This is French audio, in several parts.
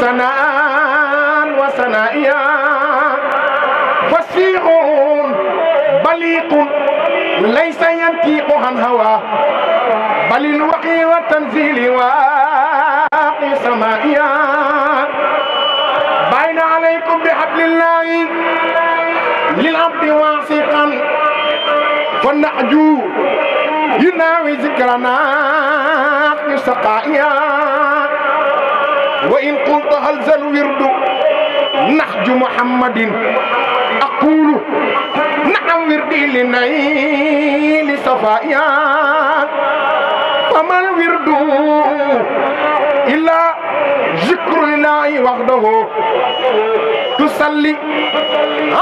سناء وسنائيا فسيح بليق ليس ينطق عن هوى بل الوقي والتنزيل واقي سمائيا بين عليكم بحبل الله للعبد واثقا فالنعجو يناوي ذكرنا في سقائيا وإن قلت هل ذا ورد نحج محمد أقول نعم وردي لنيل صفايا فما الورد إلا ذكر الله وحده تصلي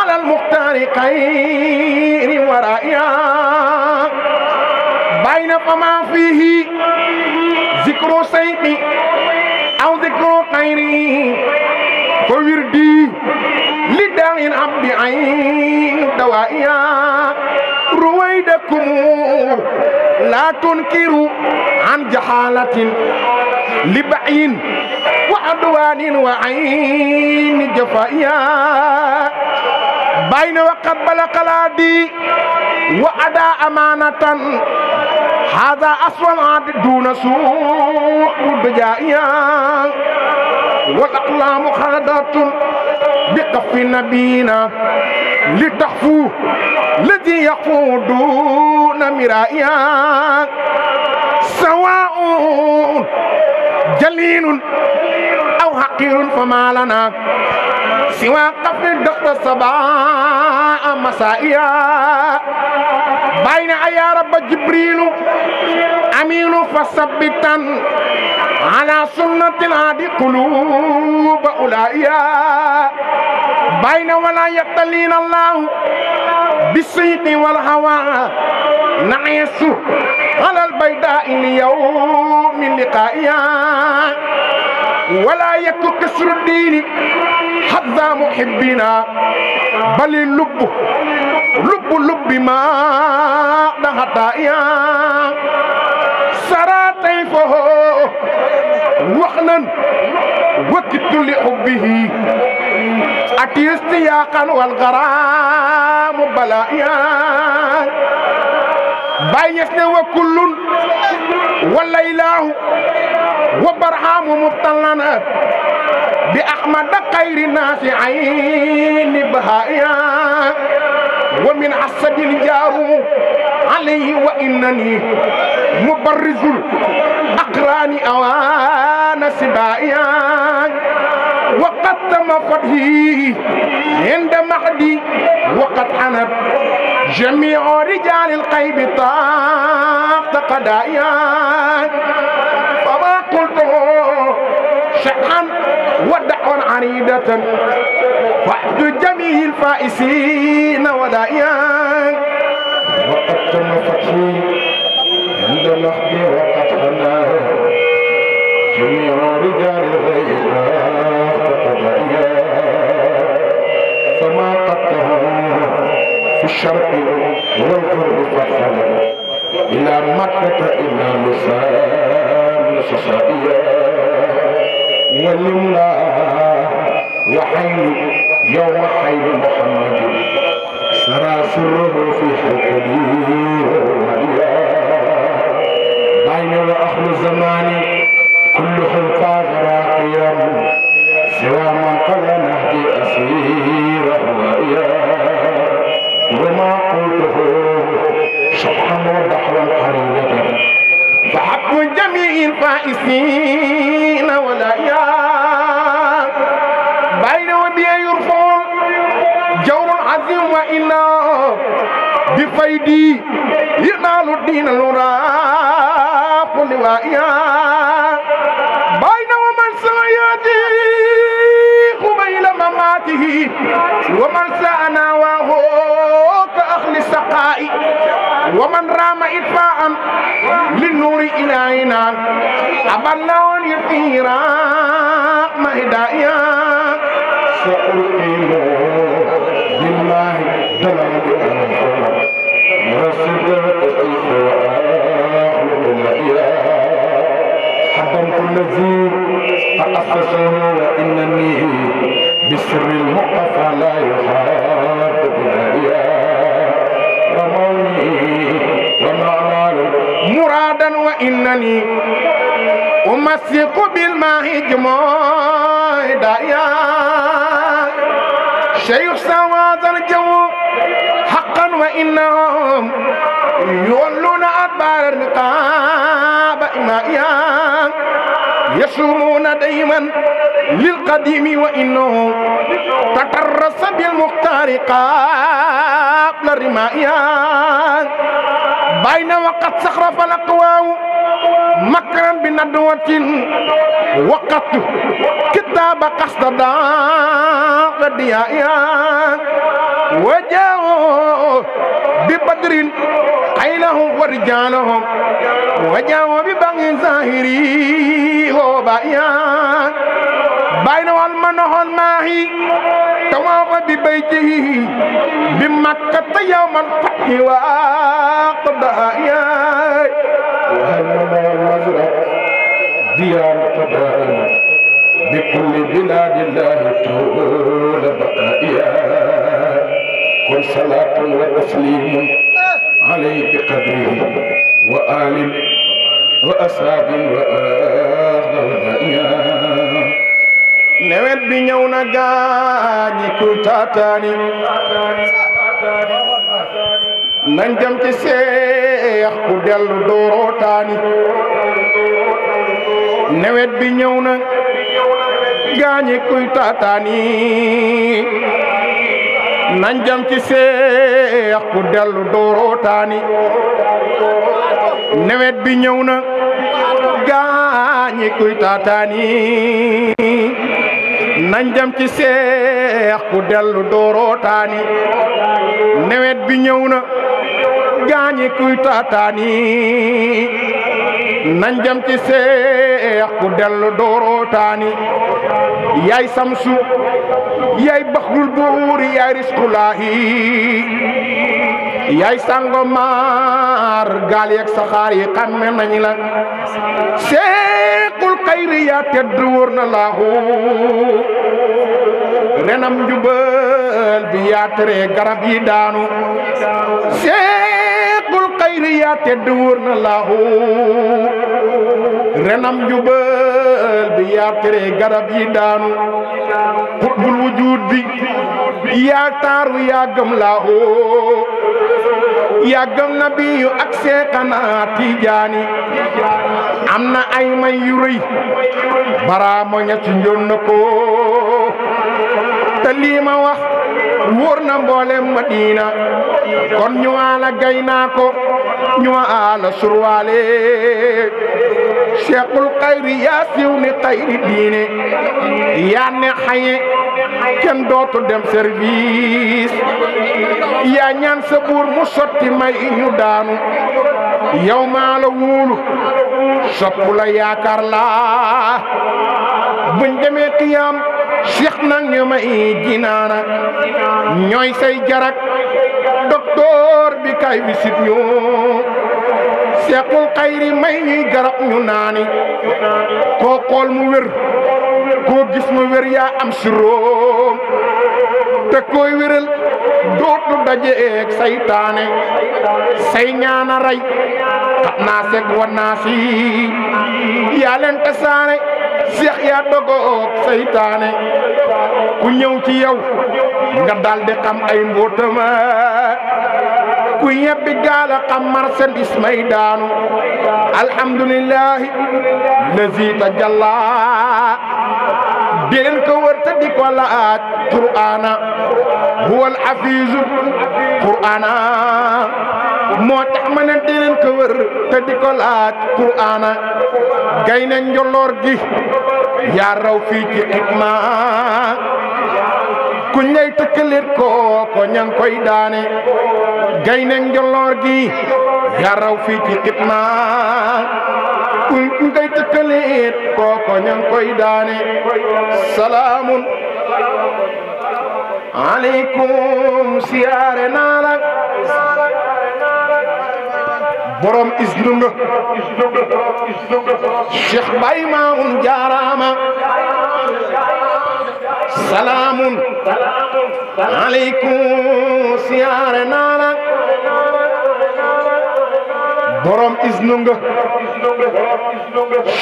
على المختار خير ورائيا بين فما فيه ذكر سيدي aw dikru xayri fa wirdi li dain am bi ayn dawaiya ruwaydakum la tunkiru an jahalatin li bayin wa adwanin wa ayn jafaiya bayna wa qabbala qaladi wa ada amanatan هذا أصل دون سوء بجائيا والأقلام خلدة بقف نبينا لتحفو الذي يقفو دون مرائيا سواء جليل أو حقير فما لنا سوى قفل دخل الصباح مسائيا بين يا رب جبريل امين فصبتا على سنة هذه قلوب أولئيا بين ولا يتلين الله بالسيد والهوى نعيش على البيداء اليوم لقائيا ولا يك كسر الدين حظ محبنا بل اللب لب لب ما دهتايا سراتي فهو وخنا وكت لحبه أتي استياقا والغرام بلايا بايسنا وكل ولا إله وبرهام مبتلنا بأحمد خير الناس عين بهايا ومن حسد الجار عليه وإنني مبرز الأقران أوان سبائيا وقد تم عند مهدي وقد حنب جميع رجال القيب طاقت قدايا فما قلته شحا ودعا عريضه وعد جميع الفائسين ودائيان وقد تم فتحي عند لحظي وقد حنا جميع رجال الغيبات فقدائيا فما قدتهم في الشرق والغرب فحلا إلى مكة إلا نساء سسائيا ولمنا وحيل يوم خير محمد سرى سره في حكمه بين واخر الزمان كل حلفاء راقيا سوى من قد نهدي اسيره وما قلته شبحا وبحرا قريبا فحق جميع الفائزين بيدي ينال الدين الورى لوائيا بين ومن سياتي قبيل مماته ومن سأنا وهو كأخل السقاء ومن رام إدفاعا للنور إلهنا أبنا ونفيرا مهدائيا سألقي الحسن وإنني بسر المقفى لا يحاب بنايا رموني ومعمار مرادا وإنني أمسك بالماء جمعي يا شيخ سواد الجو وإنهم يولون أدبار الرقاب إمائيا يشومون دائما للقديم وإنه تكرس بالمختار قابل الرمائيا بين وقت سخرف الأقوام makam bin adwatin waqatu kitab qasdada radiya ya wajahu bi badrin aynahu warjanahu wajahu bi bangi zahiri ho ba bayna wal mahi tama fa bi bayti bi makkata yawmal fathi ya وصلاة وتسليم عليه بقدره وآل وأصحاب وأغنياء نوات بن يونا غاني كوتاتاني ننجم تسيح كودل دوروتاني نوات بن يونا غاني كوتاتاني nañ jam ci seex ku dellu dooroo taani nawet bi ñëw na gaañi kuy taataani nañ jam ci seex ku dellu dooroo taani nawet bi ñëw na gaañi kuy taataani nañ jam ci seex ku dellu dooroo taani yaay samsu yaay baxrul buuri yaay risqulaahi yaay sangomar gaal yeeg saxaar yi xàmme nañ la seequl xayri yaa tedd wóor na laahu renam njubal bi yaa tere garab yi daanu seequl xayri yaa tedd wóor na laahu renam jubal bi yaa tere garab yi daanu xutbul wujud bi yaa taaru yaa gëm laahoo yaa gëm nabiyu ak seexana tijaani am na ay may yu rëy ci njoon na ko te lii ma wax na mboolem Madina kon ñu ala gay ñu ala surwaale seexul xayri yaa siiw ni xayri diine yaa ne xaye kenn dootu dem service yaa ñaan sa buur mu sotti may ñu daanu yow maa la wóolu la yaakaar laa buñ demee qiyaam seex nag ñu may jinaana ñooy say jarak docteur bi kay bisit ñu seexul xayri may ñuy garab ñu naani koo xool wér koo gis wér yaa am siroom te koy wéral dootu dajeeg saytaane say ñaana rey xat naa wa naa yaa leen tasaane seex yaa dogoog saytaane ku ñëw ci yow nga daal di ay mbóotama ku yebbi gaala xam marchandise may daanu alhamdulilahi lazi tajalla di leen ko wër te di ko laaj qur'ana huwa alhafizu qur'ana moo tax ma ne di leen ko wër te di ko laaj qur'ana gay njolloor gi yaa raw fii ci kuñ lay tëkkalit koo ko ña koy daane gaynde njolloor gi yaa raw fii ci xitma kuñ lay tëkkalit koo ko ña koy daane salaamun aleykum siyaare naa la borom isnu nga Cheikh Baye Mamoun jaaraama salaamun aleykum siyaare naa la borom isnu nga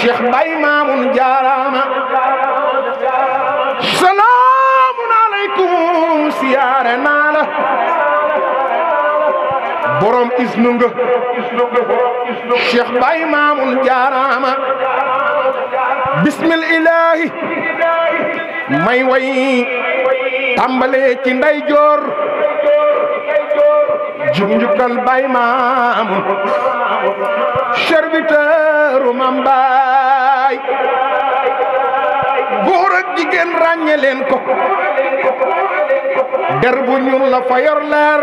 Cheikh Baye Mamoun jaaraama salaamun aleykum siyaare naa la borom isnu nga Cheikh Baye Mamoun jaaraama bismil ilaahi may way tàmbalee ci nday joor jub njukkal bay maamu serviteuru mam baay góor jigéen ràññe ko der bu la fa yor leer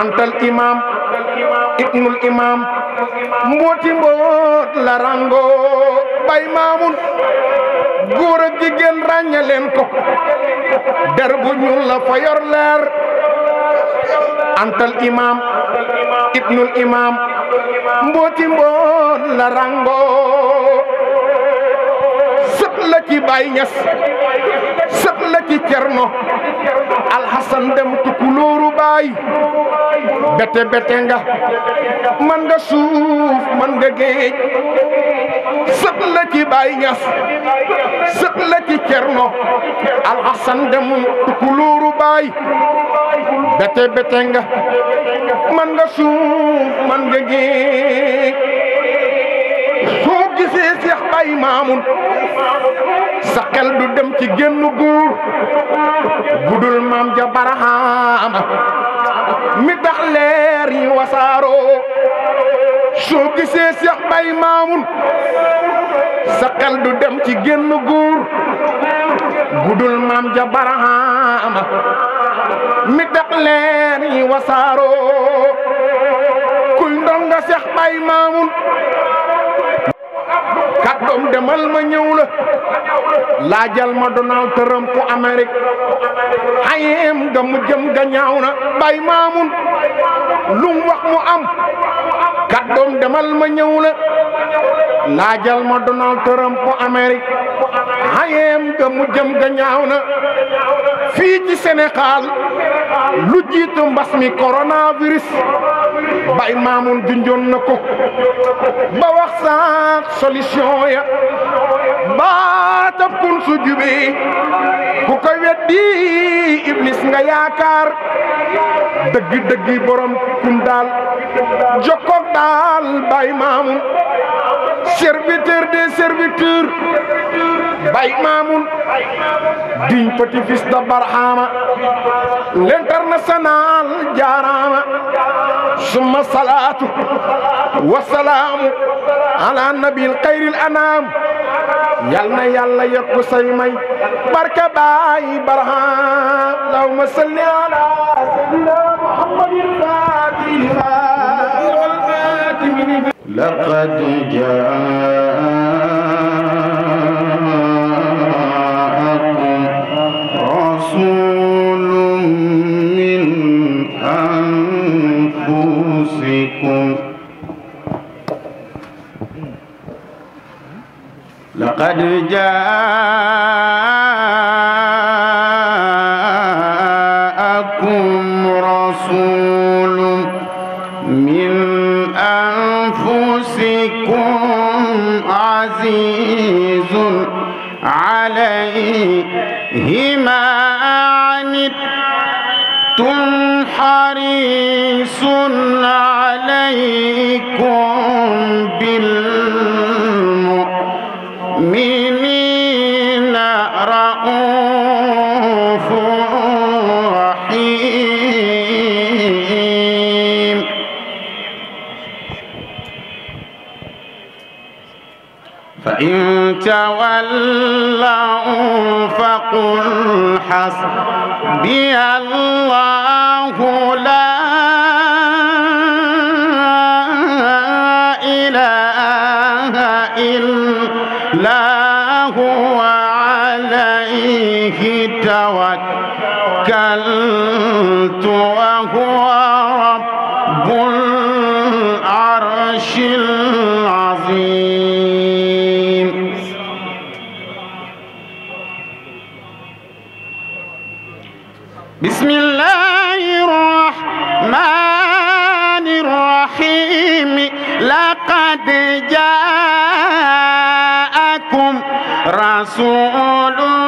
antal imam ibnul imam mbooti mboot la rango bay maamun góor ak jigéen ràññe leen ko der bu ñuul la fa yor antal imaam ibnul imaam mbooti mboon la rango sët la ci Baay Ñas sët la ci Cerno alxasan dem tukulóoru baay bete bete nga man nga suuf man nga géej sët la ci Baay Ñas sët la ci Cerno Alxasan demun kulóoru baay bete bete nga man nga suuf man nga géej soo gisee Seex Baay Maamun sa du dem ci génn góor budul maam ja barahaama mi tax leer yi wasaaroo soo gisee Seex Bay Maamun sa xel du dem ci génn góor gudul maam ja barahaama mi tax leer wasaaroo kuy ndonga Seex Bay Maamun doom demal ma ñëw la laajal ma Donald Trump ku Amérique xayeem ga mu jëm ga ñaaw na bay maamun lu wax mu am kàddoom demal ma ñëw la laajal ma Donald Trump ku xayeem ga mu jëm ga ñaaw na fii ci Sénégal lu jiitu mbas mi coronavirus bay maamun junjoon na ko ba wax solution ya baatab kun su ku ko weddi iblis nga yaakaar dëgg-dëggi borom kum daal jokkoog daal bay maamun serviteur des serviteurs Baye Mamoun digne petit-fils de Barhama l'international jaaraama summa salaatu wa salaamu ala nabil xayril anaam yal na yàlla yokk say may barka Baye Barhama allahumma salli ala sayyidina muhammadin لقد جاءكم رسول من أنفسكم لقد جاءكم عليهما عنتم حريص عليكم فإن تولوا فقل حسبي الله لا رسول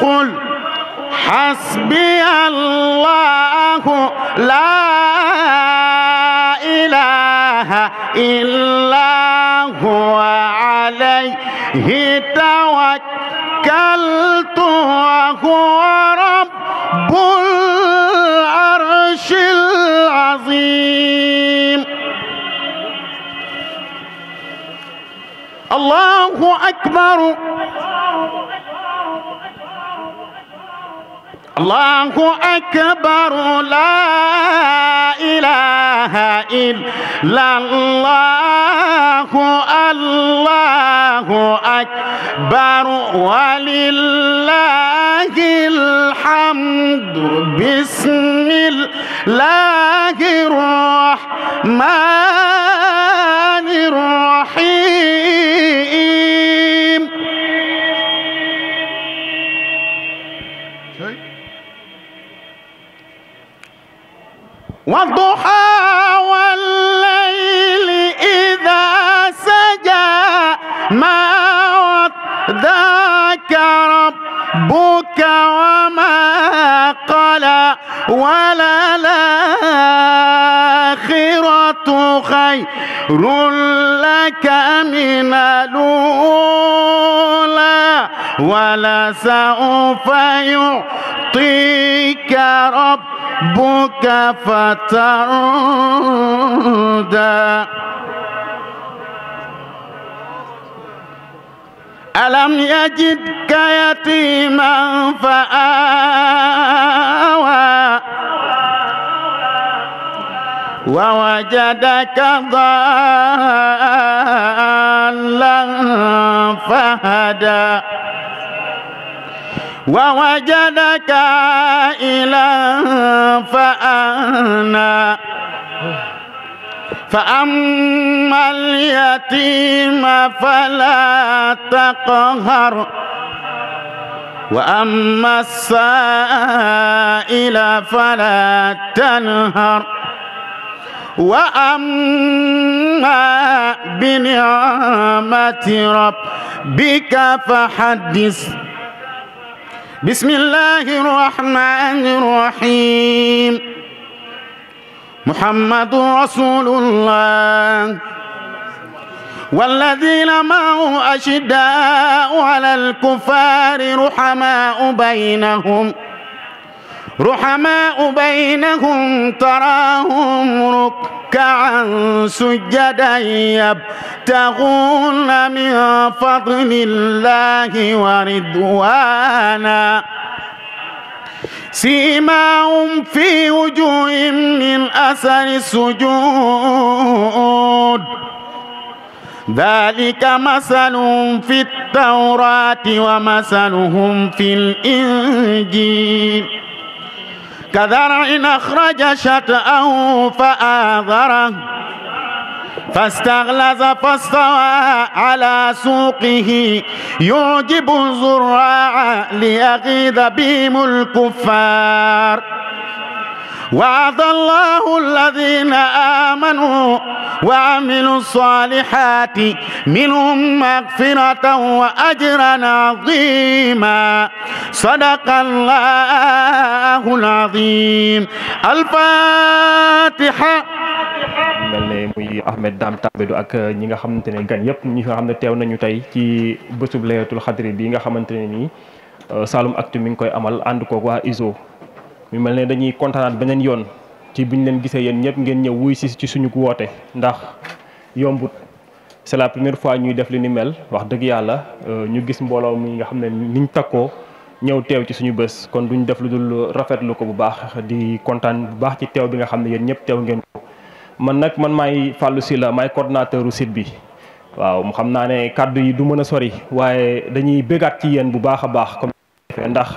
قل حسبي الله لا إله إلا هو عليه توكلت وهو رب العرش العظيم الله أكبر الله أكبر لا إله إلا الله الله أكبر ولله الحمد بسم الله الرحمن الرحيم والضحى والليل إذا سجى ما ودعك ربك وما قلى ولا الآخرة خير لك من الأولى ولسوف يعطيك ربك فترضى ألم يجدك يتيما فآوى ووجدك ضالا فهدى ووجدك إلى فأنا فأما اليتيم فلا تقهر وأما السائل فلا تنهر وأما بنعمة ربك فحدث بسم الله الرحمن الرحيم محمد رسول الله والذين معه أشداء على الكفار رحماء بينهم رحماء بينهم تراهم ركعا سجدا يبتغون من فضل الله ورضوانا سيماهم في وجوههم من أثر السجود ذلك مثلهم في التوراة ومثلهم في الإنجيل كذرع أخرج شطأه فآذره فاستغلظ فاستوى على سوقه يعجب الزراع ليغيظ بهم الكفار وعد الله الذين آمنوا وعملوا الصالحات منهم مغفرة وأجرا عظيما صدق الله العظيم الفاتحة mel ne muy Ahmed Dame Tambadou ak ñi nga xamante ne gan yëpp ñi nga xam ne teew nañu tey ci bésub Laylatul Qadr bi nga xamante ne nii Saloum Actu mi ngi koy amal ànd koog waa ISO mu mel ne dañuy kontaanaat beneen yoon ci ñu leen gisee yéen ñëpp ngeen ñëw wuy si ci suñu woote ndax yombut c'est la première fois ñuy def li ni mel wax dëgg yàlla euh, ñu gis mbooloo mi nga xam ne niñ takkoo ñëw teew ci suñu bés kon duñ def lu dul rafetlu ko bu baax di kontaan bu baax ci teew bi nga xam ne yéen ñëpp teew ngeen ko man nag man maay Fallou Sylla maay coordonnateur u site bi waaw mu xam naa ne kàddu yi du mën a sori waaye dañuy bégaat ci bu baax a baax comme ndax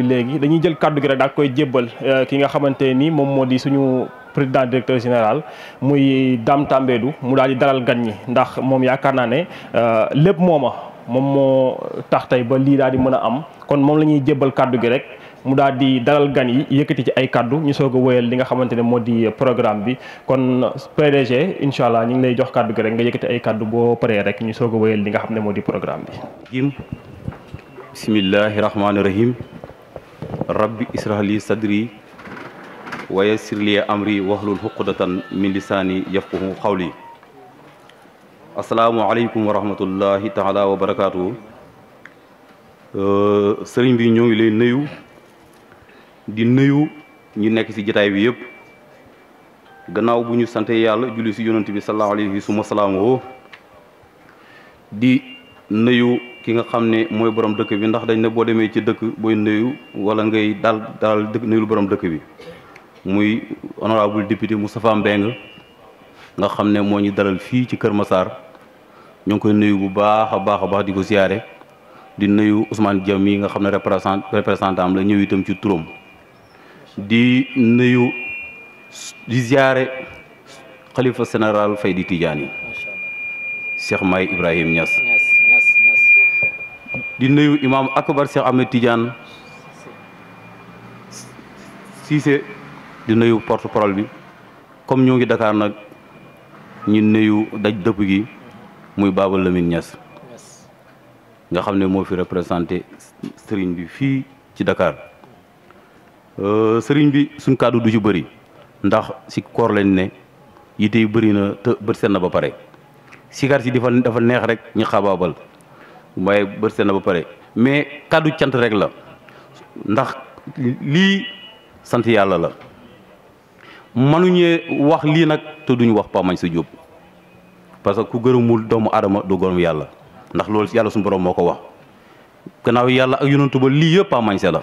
fi legui dañuy jël cadre gi rek daal koy djébal euh, ki nga xamante ni moom di suñu président directeur général muy dam Tambédou mu dal di dalal gan ndax mom yakarna né euh, lepp moma mom mo tax tay ba li dal di mëna am kon mom lañuy djébal cadre gi rek mu dal di dalal gan yëkëti ci ay cadre ñu soga woyal li nga xamante ne di programme bi kon PDG inshallah allah lay jox cadre gi rek nga yëkëti ay cadre bo paré rek ñu soga woyal li nga xamné modi di programme bi. Bismillahirrahmanirrahim. rahim. rabbi israh li sadri wa yassir li amri wahlul uqdatan min lisaani yafqahu qawli asalaamu aleykum wa rahmatullahi taala wa barakaatu sëriñ bi ñoo ngi lay nuyu di nuyu ñu nekk ci jataay bi yëpp gannaaw bu ñu sante yàlla julli ci yonent bi sallallahu alayhi wa sallam di nuyu ki nga xamne moy borom dëkk bi ndax dañ ne bo demé ci dëkk booy nuyu wala ngay dal dal dëkk nuyul borom dëkk bi muy honorable député Moustapha Mbeng nga xamne mo ñu dalal fi ci Kër Massar ñu ngi koy nuyu bu baaxa baaxa baax di ko ziaré di nuyu Ousmane Diam mi nga xamne représentant représentant la ñëw itam ci turum di nuyu di ziaré khalifa général faydi Tidiane Cheikh May Ibrahim Niass di nuyu imam akbar Cheikh Ahmed Tidiane Cissé di nuyu porte parole bi comme ñu ngi Dakar nak ñu nuyu daj depp gi muy Baba Lamine ness nga xam mo fi représenté serigne bi fi ci Dakar euh, serigne bi sun cadeau du ci bëri ndax ci koor lañ ne yité yu na te bët na ba pare sigar si difa dafa neex rek ñu xababal waaye bërsee na ba pare mais kàddu cant rek la ndax lii sant yàlla la mënuñee wax lii nag te duñu wax Pape Mañsa Diop parce que ku gërëmul doomu adama du gërëm yàlla ndax loolu yàlla suñu borom moo ko wax gannaaw yàlla ak yonantu ba lii yëpp Pape Mañsa la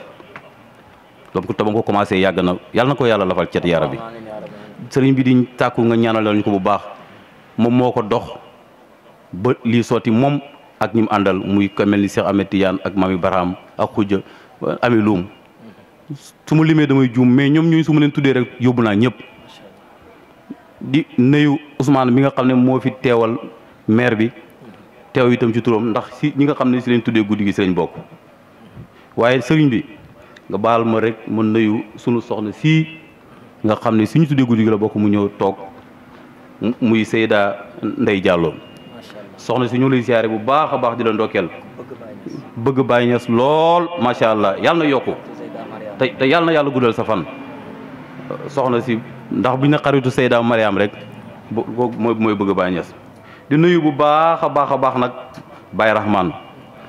donc te ba nga ko commencé yàgg na yàlla na ko yàlla lafal cet yaara bi sëriñ bi di tàkku nga ñaanalal ñu ko bu baax moom moo ko dox ba lii sotti moom ak ñi mu àndal muy ko mel Cheikh Ahmed Tidiane ak Mami Barham ak Khoudia Ami Loum su ma damay juum mais ñoom ñooñu su ma leen rek yóbbu naa di nuyu Ousmane mi nga xam ne moo fi teewal maire bi teew itam ci ndax si ñi nga xam ne si leen tuddee guddi gi bokk waaye sëriñ bi nga ma rek soxna nga ne suñu tuddee guddi la bokk mu ñëw toog muy Ndey Diallo soxna si ñu lay ziaré bu baaxa baax di la ndokkeel bëgg bay Ñas lool sha allah yalla na yokku te yalla na yalla guddal sa fan soxna si ndax bu ñu xaritu Seyda maryam rek moy moy bëgg bay di nuyu bu baaxa baaxa baax nak bay Rahman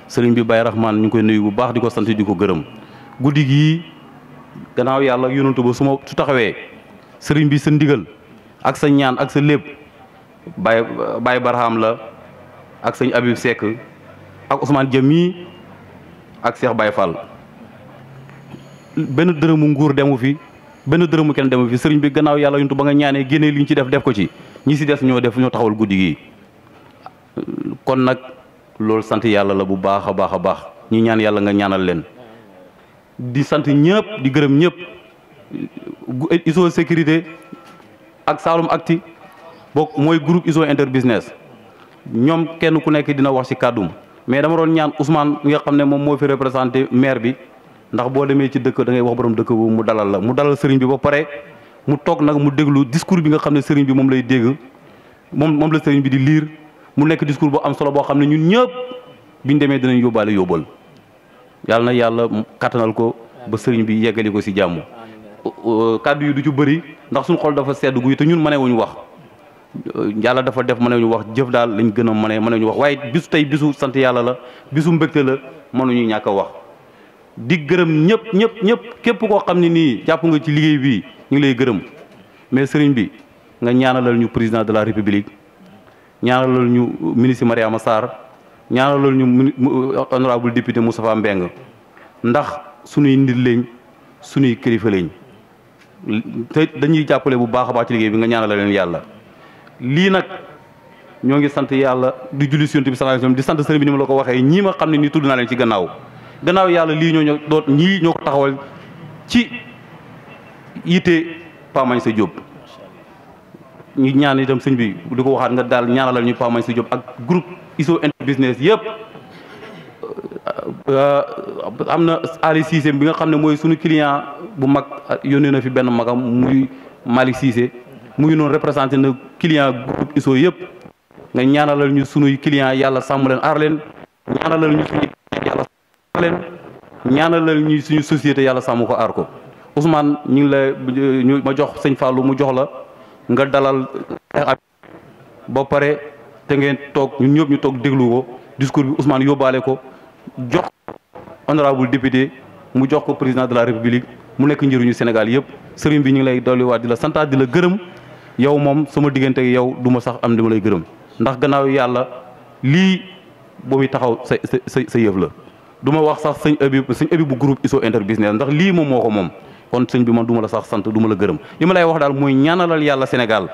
serigne bi bay Rahman ñu koy nuyu bu baax di sant di ko gërëm guddi kenawi gannaaw yalla yonantu ba su ma su taxawé serigne bi sa ndigal ak sa ñaan ak sa lepp bay bay Barham la ak seigne Abib sek ak Ousmane jemi ak Cheikh Baye Fall benn dërëmu nguur demu fi ben deureum ken demu fi sëriñ bi gannaaw yalla yuntu ba nga ñaané gene liñ ci def def ko ci ñi ci def ñoo def ñoo taxawul guddigi kon nak loolu sante yalla la bu baaxa baaxa baax ñi ñaan yalla nga ñaanal len di sante ñepp di gëreem ñepp ISO sécurité ak salum Acti bok moy groupe ISO interbusiness ñoom kenn ku nekk dina wax ci kàddum mais dama doon ñaan Ousmane nga xam ne moom moo fi représenté maire bi ndax boo demee ci dëkk da ngay wax borom dëkk bu mu dalal la mu dalal sëriñ bi ba pare mu toog nag mu déglu discours bi nga xam ne sëriñ bi moom lay dégg moom moom la sëriñ bi di liir mu nekk discours bu am solo boo xam ne ñun ñëpp bi ñu demee dinañ yóbbaale yóbbal yàlla na yàlla kattanal ko ba sëriñ bi yeggali ko ci jàmm kàddu yi du ci bëri ndax suñu xol dafa sedd guy te ñun mënewuñu wax yàlla dafa def ma mënuñu wax jëf daal lañ gën a mënee mënuñu wax waaye bisu tey bisu sant yàlla la bisu mbégte la ñu ñàkk a wax. di gërëm ñëpp ñëpp ñëpp képp koo xam ne nii jàpp nga ci liggéey bi ñu ngi lay gërëm mais sëriñ bi nga ñaanalal ñu président de la république ñaanalal ñu ministre Mariama Sarr ñaanalal ñu honorable député Moustapha Mbeng ndax suñuy nit lañ suñuy kilifa lañ te dañuy jàppale bu baax a ci liggéey bi nga ñaanalal leen yàlla. lii nag ñoo ngi sant yàlla di julli si yonent bi di sant sëriñ bi ni la ko waxee ñii ma xam ne nii tudd naa leen yàlla lii ñoo ñoo doot ñii ñoo ko taxawal ci yitte Pamañ sa Jóob ñu ñaan itam bi di ko waxaat nga daal ñaanalal ñu Pamañ sa Jóob ak groupe ISO interbusiness yëpp euh, euh, am na Ali bi nga xam ne mooy suñu client bu mag yónnee na fi benn magam muy Malick Cissé mu ngi noonu représenté na client groupe ISO yëpp nga ñaanalal ñu sunuy client yàlla sàmm leen aar leen ñaanalal ñu suñuy client ñu suñu société yàlla sàmm ko aar ko Ousmane ñu ngi la ñu ma jox sëñ Fallou mu jox la nga dalal ba pare te ngeen toog ñun ñëpp ñu toog déglu ko discours bi Ousmane yóbbaale ko jox honorable député mu jox ko président de la république mu nekk njëriñu Sénégal yëpp serin bi ñu ngi lay dolliwaat di la santaat di la gërëm yow mom sama diggante yow duma sax am dimalay gëreum ndax gannaaw yalla li ba mi taxaw sa sa sa yëf la duma wax sax sëñ abib sëñ abib bu groupe ISO interbusiness ndax li mom moko mom kon sëñ bi man duma la sax sant duma la gëreum yima lay wax dal moy ñaanalal yalla Sénégal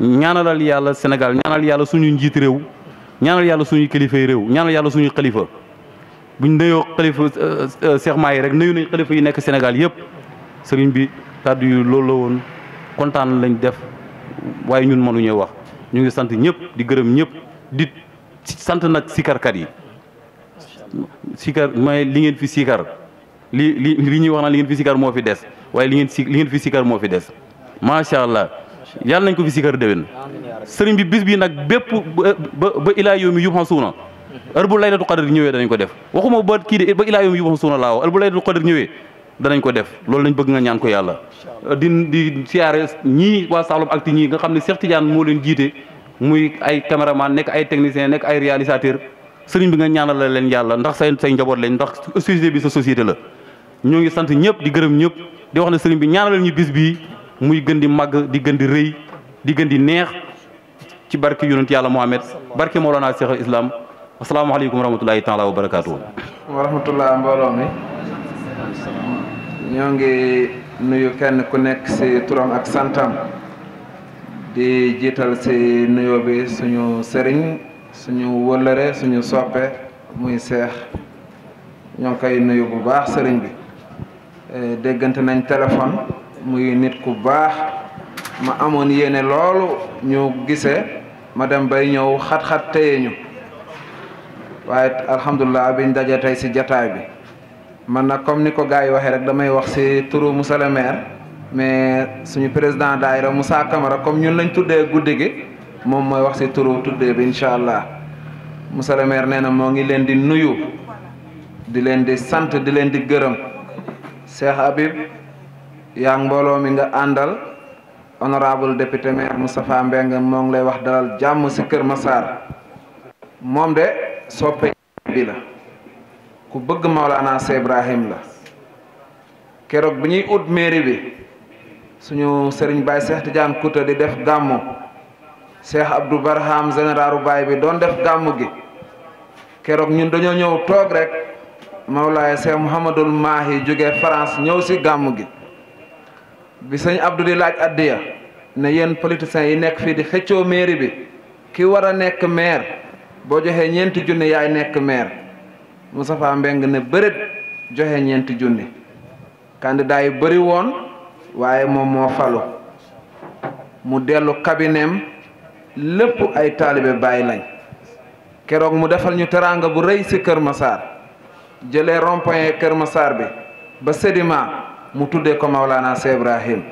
ñaanalal yalla Sénégal ñaanal yalla suñu njiit rew ñaanal yalla suñu kilifay rew ñaanal yalla suñu khalifa buñ neyo khalifa euh, euh, Cheikh maye rek nuyu nañ khalifa yi nek Sénégal yëpp sëriñ bi kàddu yu loolu la lañ def waaye ñun mënuñoo wax ñu ngi sant ñëpp di gërëm ñëpp di sant nag sikarkat yi sikar may li ngeen fi sikar li li li ñuy wax naan li ngeen fi sikar moo fi des waaye li ngeen si li fi sikar moo fi des macha allah yàlla nañ ko fi sikar déwén sëriñ bi bis bi nag bépp ba ba ilaa yow yub xam suuna heure bu laylatul qadr ñëwee danañ ko def waxuma ba kii de ba ilaa yow mi yub xam suuna laa wax heure bu laylatul qadr ñëwee danañ ko def loolu lañ bëgg nga ñaan ko yàlla di di siyaare ñii waa Saloum ak ti ñii nga xam ne Cheikh tijaan moo leen jiite muy ay caméraman nekk ay technicien nekk ay réalisateur sëriñ bi nga ñaanal la leen yàlla ndax say say njaboot lañ ndax société bi sa société la ñoo ngi sant ñëpp di gërëm ñëpp di wax ne sëriñ bi ñaanal ñu bis bii muy gën di màgg di gën di rëy di gën di neex ci barke yonent yàlla Muhammad barke Mawlana Cheikh al Islam asalaamaaleykum wa rahmatulahi taala ñoo ngi nuyu kenn ku nekk si turam ak santam di jiital si nuyoo bi suñu sëriñ suñu wëllare suñu soppe muy seex ñoo koy nuyu bu baax sëriñ bi eh, déggante nañ téléphone muy nit ku baax ma amoon yéene loolu ñu gisee ma dem bay ñëw xat-xat téye ñu waaye alhamdulilah biñ daje tey si jataay bi man nag comme ni ko gars yi waxee rek damay wax si turu monsieur mais suñu président daayira Moussa Camara comme ñun lañ tuddee guddi gi moom mooy wax si turu tuddee bi incha allah monsieur le na moo ngi leen di nuyu di leen di sant di leen di gërëm Cheikh Habib yaa mbooloo mi nga àndal honorable député maire Moustapha moo ngi lay wax dalal jàmm si Kër Massar moom de soppe bi la ku bëgg maulana Cheikh Ibrahim la kérok bi ñuy ut mairie bi suñu serigne Baye Cheikh Tidiane Kouta di def gamu, Cheikh Abdou Barham généralu Baye bi doon def gamu gi kérok ñun dañu ñëw tok rek Mawlaay Cheikh Mahi jóge France ñëw si gamu gi bi Abdou di laaj Adia ne yeen politiciens yi nekk fi di xëccoo mairie bi ki wara a nekk maire bo joxe ñent junne yaay nekk maire. Moustapha Mbeng ne bërét joxe ñeenti junni candidat yi bëri woon waaye moom moo falu mu dellu kabineem lépp ay taalibe bàyyi lañ keroog mu defal ñu teraanga bu rëy ci Kër Massar jëlee rond-point Kër Massar bi ba Sédima mu tuddee ko Maulana Cheikh Ibrahim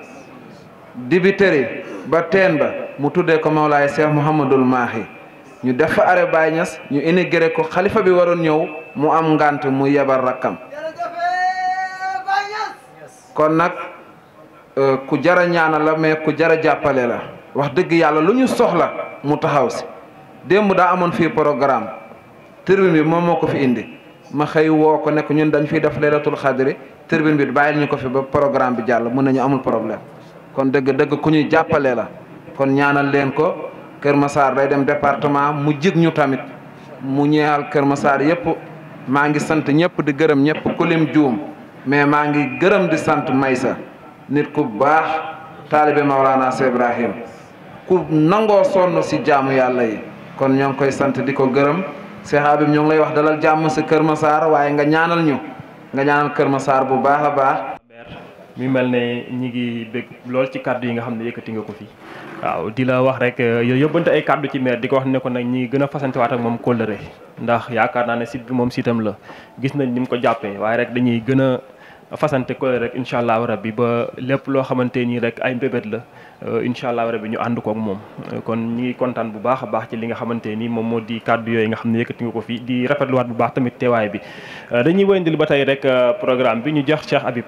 dibiteri ba teen ba mu tuddee ko Maulana Cheikh Mouhamadul Mahi ñu def fa arrêt Baye Niass ñu inauguré ko xalifa bi waroon ñëw mu am ngànt mu yebar rakkam kon nag euh, ku jara ñaana la mais ku jara jàppale la wax dëgg yàlla lu ñu soxla mu taxaw si démb daa amoon fii programme tribune bi moom moo ko fi indi ma xëy woo ko nekk ko ñun dañ fiy def leelatul xadri tribune bi bàyyil ñu ko fi ba programme bi jàll mun nañu amul problème kon dëgg dëgg ku ñuy jàppale la kon ñaanal leen ko Kër Massar day dem département mu jig ñu tamit mu ñeexal Kër Massar yëpp maa ngi sant ñëpp di gërëm ñëpp ku lim juum mais maa ngi gërëm di sant Maysa nit ku baax taalibe Mawlana Cheikh Ibrahim ku nangoo sonn si jaamu yàlla yi kon ñoo ngi koy sant di ko gërëm Cheikh bi ñoo ngi lay wax dalal jàmm si Kër Massar waaye nga ñaanal ñu nga ñaanal Kër Massar bu baax a baax. mi mel ne ñi ngi bég lool ci kàddu yi nga xam ne yëkkati nga ko fii waaw di la wax rek yóbbante ay kàddu ci maire di ko wax ne ko nag ñi gën a fasantewaat ak moom kóllëre ndax yaakaar naa ne site bi moom sitam la gis nañ ni mu ko jàppee waaye rek dañuy gën a fasante ko rek incha allahu rabbi ba lépp loo xamante ni rek ay mbébét la euh, incha allahu rabbi ñu ànd koog moom euh, kon ñi ngi kontaan bu baax a baax ci li nga xamante ni moom moo di kàddu yooyu nga xam ne yëkkati nga ko fii di rafetluwaat bu baax tamit teewaay bi euh, dañuy wëyandil ba tey rek programme bi ñu jox Cheikh Habib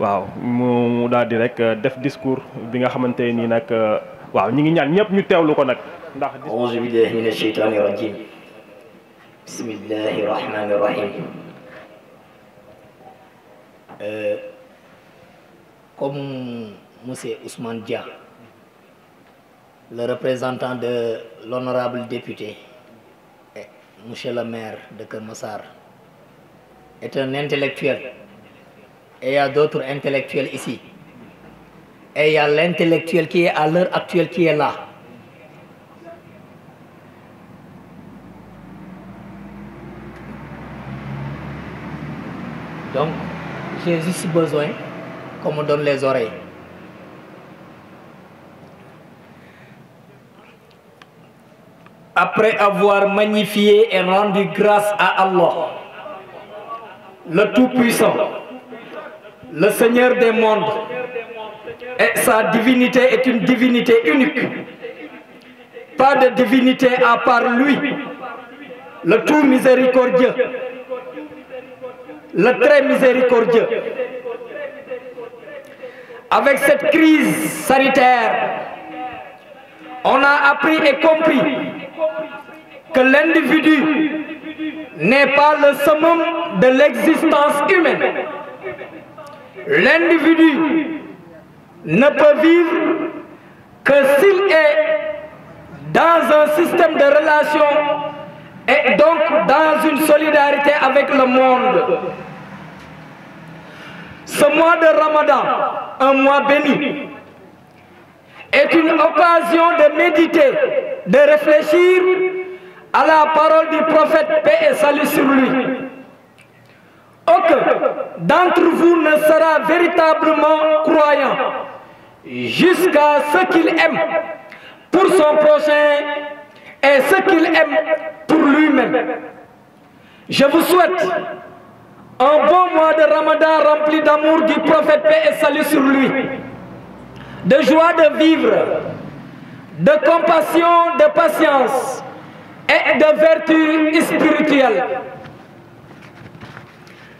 waaw mu daal di rek def discours bi nga xamante ni nag waaw ñi ngi ñaan ñëpp ñu teewlu ko nag ndax Bismillahirrahmanirrahim eh, comme M. Ousmane Dia le représentant de l'honorable député M. le maire de Kermassar est un intellectuel et il y a d'autres intellectuels ici et il y a l'intellectuel qui est à l'heure actuelle qui est là Donc, j'ai besoin qu'on me donne les oreilles. Après avoir magnifié et rendu grâce à Allah, le Tout-Puissant, le Seigneur des mondes, et sa divinité est une divinité unique. Pas de divinité à part lui, le tout miséricordieux, le très miséricordieux. Avec cette crise sanitaire, on a appris et compris que l'individu n'est pas le summum de l'existence humaine. L'individu ne peut vivre que s'il est dans un système de relations et donc, dans une solidarité avec le monde, ce mois de Ramadan, un mois béni, est une occasion de méditer, de réfléchir à la parole du prophète, paix et salut sur lui. Aucun d'entre vous ne sera véritablement croyant jusqu'à ce qu'il aime pour son prochain et ce qu'il aime pour lui-même. Je vous souhaite un bon mois de Ramadan rempli d'amour du prophète paix et salut sur lui, de joie de vivre, de compassion, de patience et de vertu spirituelle.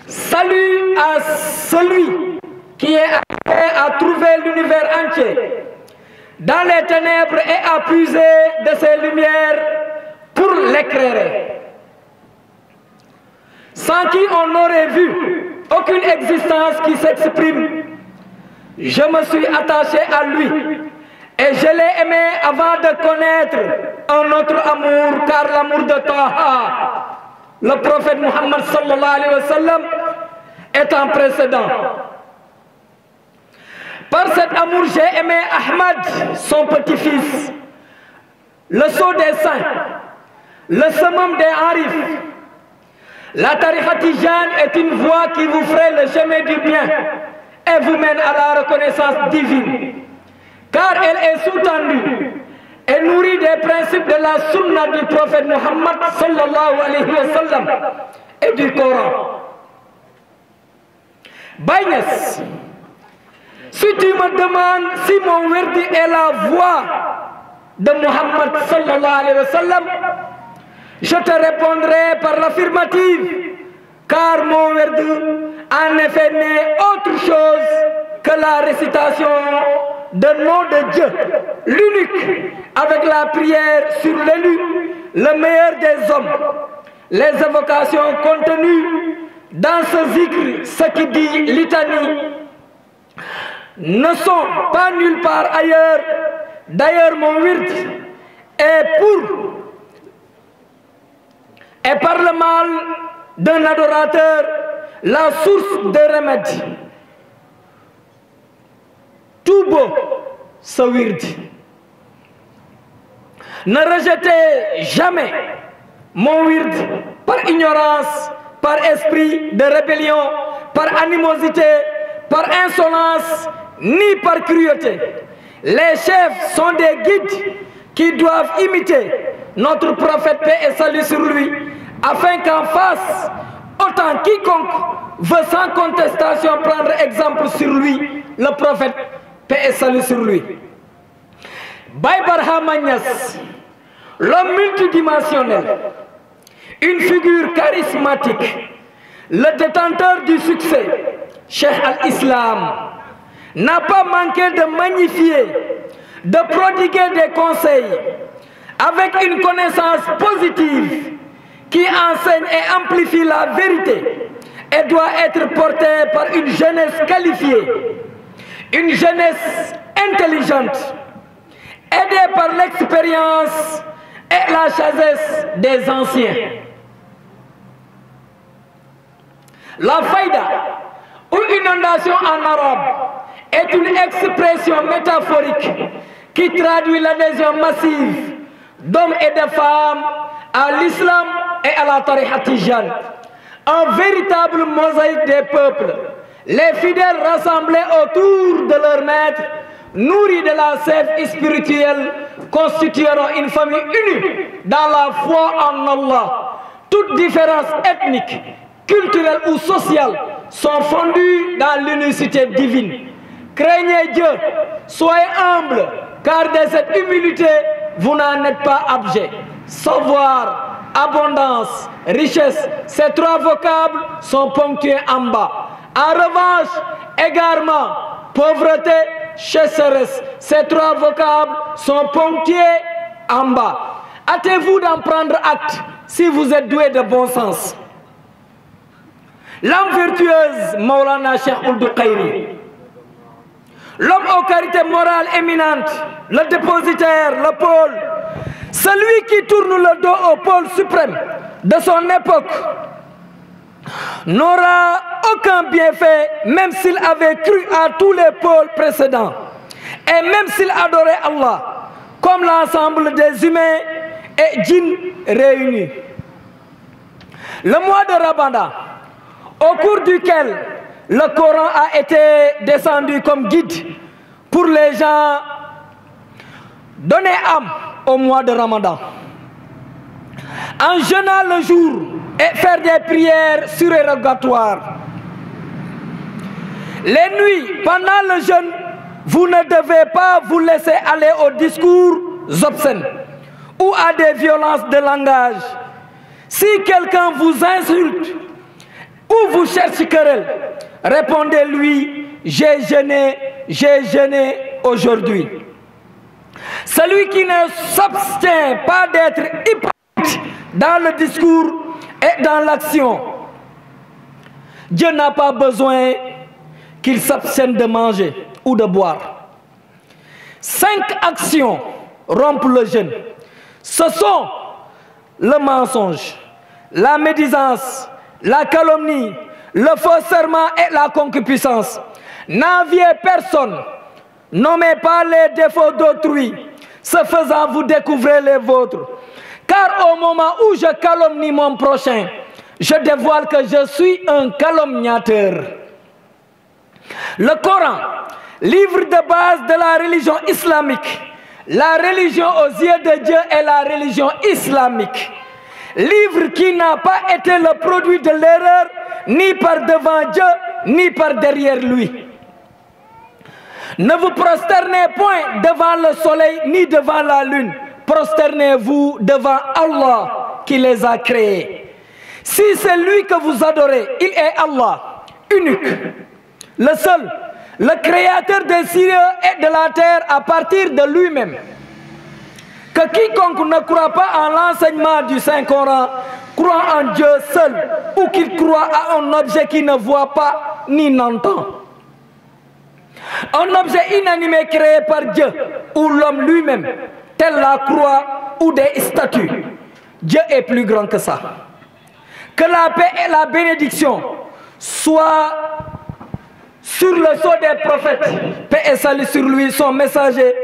Salut à celui qui est à trouver l'univers entier dans les ténèbres et à puiser de ses lumières pour l'éclairer. Sans qui on n'aurait vu aucune existence qui s'exprime. Je me suis attaché à lui et je l'ai aimé avant de connaître un autre amour, car l'amour de Taha, le prophète Muhammad sallallahu alayhi wa est un précédent. Par cet amour, j'ai aimé Ahmad, son petit-fils, le sceau des saints, le summum des Arif, La tariqa tijane est une voie qui vous ferait le chemin du bien et vous mène à la reconnaissance divine. Car elle est soutenue et nourrit des principes de la sunna du prophète Muhammad sallallahu alayhi wa sallam et du Coran. Baïnes, si tu me demandes si mon verdi est la voie de Muhammad sallallahu alayhi wa sallam, je te répondrai par l'affirmative, car mon verdu en effet n'est autre chose que la récitation de nom de Dieu, l'unique, avec la prière sur l'élu, le meilleur des hommes, les invocations contenues dans ce zikr, ce qui dit litanie, ne sont pas nulle part ailleurs. D'ailleurs, mon wird est pour et par le mal d'un adorateur la source de remède. Tout beau ce wird. Ne rejetez jamais mon wird par ignorance, par esprit de rébellion, par animosité, par insolence, ni par cruauté. Les chefs sont des guides qui doivent imiter notre prophète paix et salut sur lui, afin qu'en face, autant quiconque veut sans contestation prendre exemple sur lui, le prophète paix et salut sur lui. Baybar Hamanyas, l'homme multidimensionnel, une figure charismatique, le détenteur du succès, Cheikh al-Islam, n'a pas manqué de magnifier de prodiguer des conseils avec une connaissance positive qui enseigne et amplifie la vérité et doit être portée par une jeunesse qualifiée, une jeunesse intelligente, aidée par l'expérience et la sagesse des anciens. La faïda, ou inondation en arabe, est une expression métaphorique qui traduit l'adhésion massive d'hommes et de femmes à l'islam et à la tariqa tijane. Un véritable mosaïque des peuples, les fidèles rassemblés autour de leur maître, nourris de la sève spirituelle, constitueront une famille unie dans la foi en Allah. Toutes différences ethniques, culturelles ou sociales sont fondues dans l'unicité divine. Craignez Dieu, soyez humbles, car de cette humilité, vous n'en êtes pas abject. Savoir, abondance, richesse, ces trois vocables sont ponctués en bas. En revanche, également, pauvreté, chasseresse, ces trois vocables sont ponctués en bas. Hâtez-vous d'en prendre acte si vous êtes doué de bon sens. L'âme vertueuse, Maulana Cheikh l'homme aux qualités morales éminentes, le dépositaire, le pôle, celui qui tourne le dos au pôle suprême de son époque, n'aura aucun bienfait, même s'il avait cru à tous les pôles précédents, et même s'il adorait Allah, comme l'ensemble des humains et djinns réunis. Le mois de Rabanda, au cours duquel le Coran a été descendu comme guide pour les gens donner âme au mois de Ramadan. En jeûnant le jour et faire des prières surérogatoires. Les nuits, pendant le jeûne, vous ne devez pas vous laisser aller aux discours obscènes ou à des violences de langage. Si quelqu'un vous insulte, où vous cherchez querelle Répondez-lui, j'ai gêné, j'ai gêné aujourd'hui. Celui qui ne s'abstient pas d'être hypocrite dans le discours et dans l'action. Dieu n'a pas besoin qu'il s'abstienne de manger ou de boire. Cinq actions rompent le jeûne. Ce sont le mensonge, la médisance, la calomnie, le faux serment et la concupiscence. N'enviez personne, nommez pas les défauts d'autrui, ce faisant vous découvrez les vôtres. Car au moment où je calomnie mon prochain, je dévoile que je suis un calomniateur. Le Coran, livre de base de la religion islamique, la religion aux yeux de Dieu est la religion islamique. Livre qui n'a pas été le produit de l'erreur, ni par devant Dieu, ni par derrière lui. Ne vous prosternez point devant le soleil, ni devant la lune. Prosternez-vous devant Allah qui les a créés. Si c'est lui que vous adorez, il est Allah, unique, le seul, le créateur des cieux et de la terre à partir de lui-même quiconque ne croit pas en l'enseignement du Saint-Coran croit en Dieu seul ou qu'il croit à un objet qu'il ne voit pas ni n'entend. Un objet inanimé créé par Dieu ou l'homme lui-même, telle la croix ou des statues. Dieu est plus grand que ça. Que la paix et la bénédiction soient sur le sceau des prophètes, paix et salut sur lui, son messager,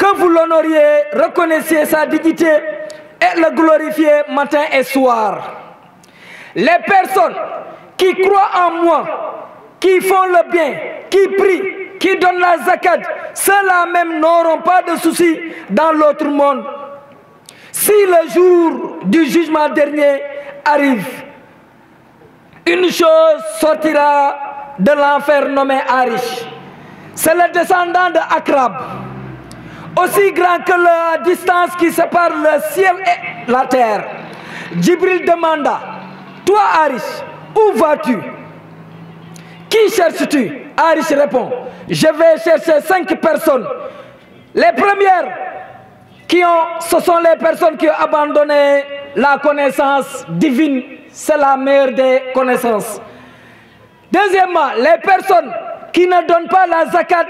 que vous l'honoriez, reconnaissiez sa dignité et le glorifiez matin et soir. Les personnes qui croient en moi, qui font le bien, qui prient, qui donnent la zakat, ceux-là même n'auront pas de soucis dans l'autre monde. Si le jour du jugement dernier arrive, une chose sortira de l'enfer nommé Arish. C'est le descendant de Akrab aussi grand que la distance qui sépare le ciel et la terre. Jibril demanda, Toi, Arish, où vas-tu Qui cherches-tu Arish répond, Je vais chercher cinq personnes. Les premières, qui ont, ce sont les personnes qui ont abandonné la connaissance divine. C'est la meilleure des connaissances. Deuxièmement, les personnes qui ne donnent pas la zakat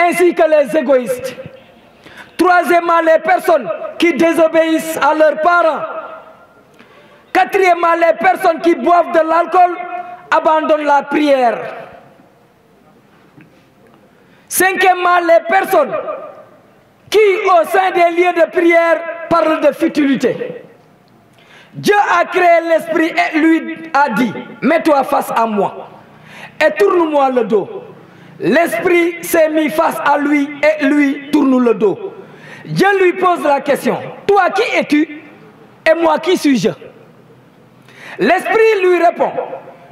ainsi que les égoïstes. Troisièmement, les personnes qui désobéissent à leurs parents. Quatrièmement, les personnes qui boivent de l'alcool abandonnent la prière. Cinquièmement, les personnes qui, au sein des lieux de prière, parlent de futilité. Dieu a créé l'esprit et lui a dit, mets-toi face à moi et tourne-moi le dos. L'esprit s'est mis face à lui et lui tourne le dos. Dieu lui pose la question, toi qui es-tu et moi qui suis-je L'esprit lui répond,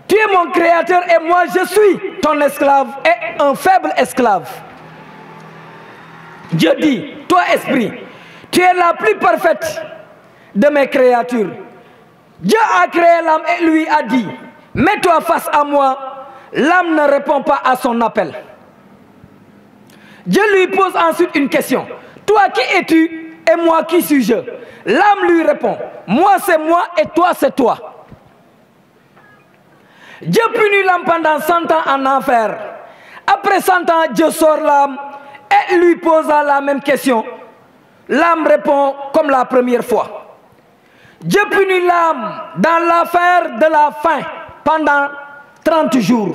tu es mon créateur et moi je suis ton esclave et un faible esclave. Dieu dit, toi esprit, tu es la plus parfaite de mes créatures. Dieu a créé l'âme et lui a dit, mets-toi face à moi. L'âme ne répond pas à son appel. Dieu lui pose ensuite une question. Toi qui es-tu et moi qui suis-je L'âme lui répond, moi c'est moi et toi c'est toi. Dieu punit l'âme pendant 100 ans en enfer. Après 100 ans, Dieu sort l'âme et lui posa la même question. L'âme répond comme la première fois. Dieu punit l'âme dans l'affaire de la faim pendant 30 jours.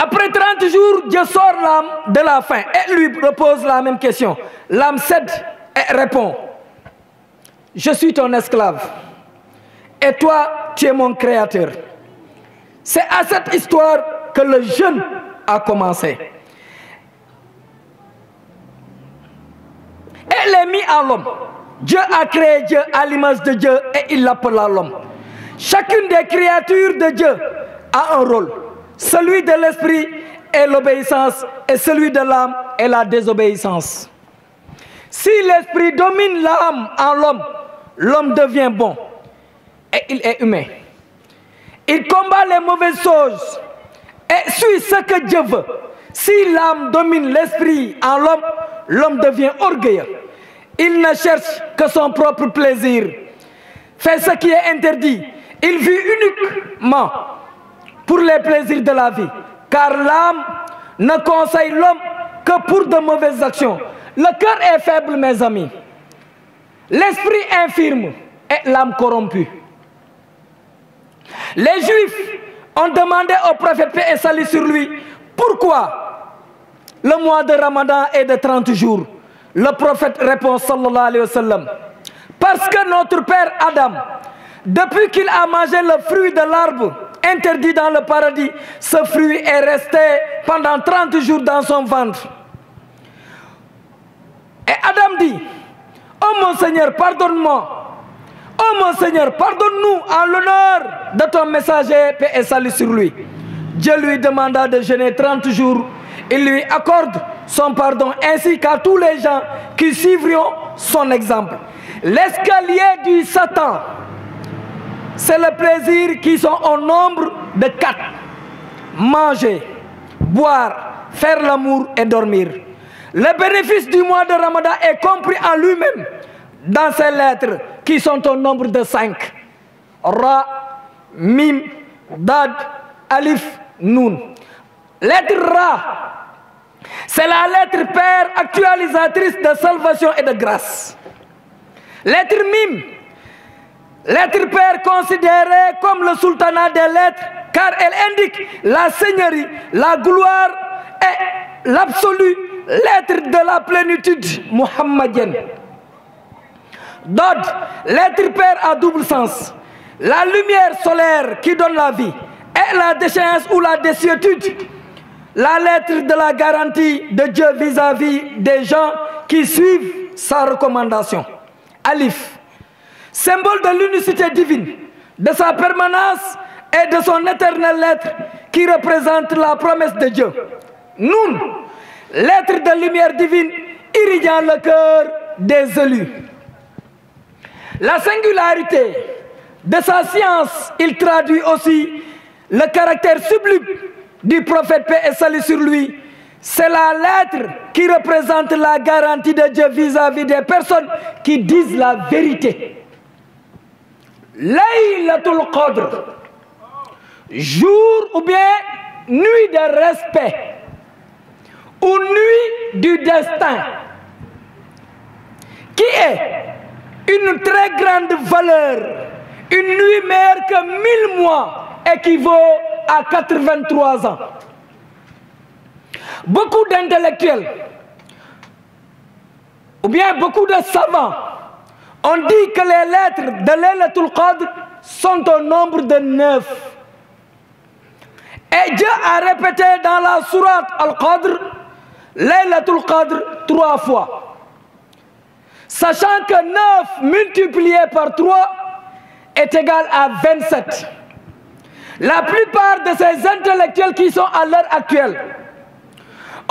Après 30 jours, Dieu sort l'âme de la faim et lui repose la même question. L'âme cède et répond, je suis ton esclave et toi, tu es mon créateur. C'est à cette histoire que le jeûne a commencé. Elle est mise à l'homme. Dieu a créé Dieu à l'image de Dieu et il l'appelle à l'homme. Chacune des créatures de Dieu a un rôle. Celui de l'esprit est l'obéissance et celui de l'âme est la désobéissance. Si l'esprit domine l'âme en l'homme, l'homme devient bon et il est humain. Il combat les mauvaises choses et suit ce que Dieu veut. Si l'âme domine l'esprit en l'homme, l'homme devient orgueilleux. Il ne cherche que son propre plaisir, fait ce qui est interdit. Il vit uniquement pour les plaisirs de la vie. Car l'âme ne conseille l'homme que pour de mauvaises actions. Le cœur est faible, mes amis. L'esprit infirme et l'âme corrompue. Les Juifs ont demandé au prophète paix et sur lui pourquoi le mois de Ramadan est de 30 jours. Le prophète répond sallallahu alayhi wa sallam parce que notre père Adam, depuis qu'il a mangé le fruit de l'arbre interdit dans le paradis, ce fruit est resté pendant 30 jours dans son ventre. Et Adam dit, Oh mon Seigneur, pardonne-moi. Oh mon Seigneur, pardonne-nous en l'honneur de ton messager, paix et salut sur lui. Dieu lui demanda de jeûner 30 jours. Il lui accorde son pardon ainsi qu'à tous les gens qui suivront son exemple. L'escalier du Satan c'est le plaisir qui sont au nombre de quatre. Manger, boire, faire l'amour et dormir. Le bénéfice du mois de Ramadan est compris en lui-même dans ces lettres qui sont au nombre de cinq. Ra, Mim, Dad, Alif, Nun. Lettre Ra, c'est la lettre père actualisatrice de salvation et de grâce. Lettre Mim, L'être-père considéré comme le sultanat des lettres car elle indique la seigneurie, la gloire et l'absolu lettre de la plénitude mohammadienne. Dod, l'être-père à double sens. La lumière solaire qui donne la vie et la déchéance ou la déciétude. La lettre de la garantie de Dieu vis à -vis des gens qui suivent sa recommandation. Alif symbole de l'unicité divine, de sa permanence et de son éternel être qui représente la promesse de Dieu. Nous, l'être de lumière divine irriguant le cœur des élus. La singularité de sa science, il traduit aussi le caractère sublime du prophète paix et salut sur lui. C'est la lettre qui représente la garantie de Dieu vis à -vis des personnes qui disent la vérité le cadre, jour ou bien nuit de respect ou nuit du destin, qui est une très grande valeur, une nuit meilleure que mille mois, équivaut à 83 ans. Beaucoup d'intellectuels, ou bien beaucoup de savants, on dit que les lettres de Laylatul Qadr sont au nombre de neuf. Et Dieu a répété dans la sourate Al-Qadr, Laylatul Qadr trois fois. Sachant que neuf multiplié par 3 est égal à 27. La plupart de ces intellectuels qui sont à l'heure actuelle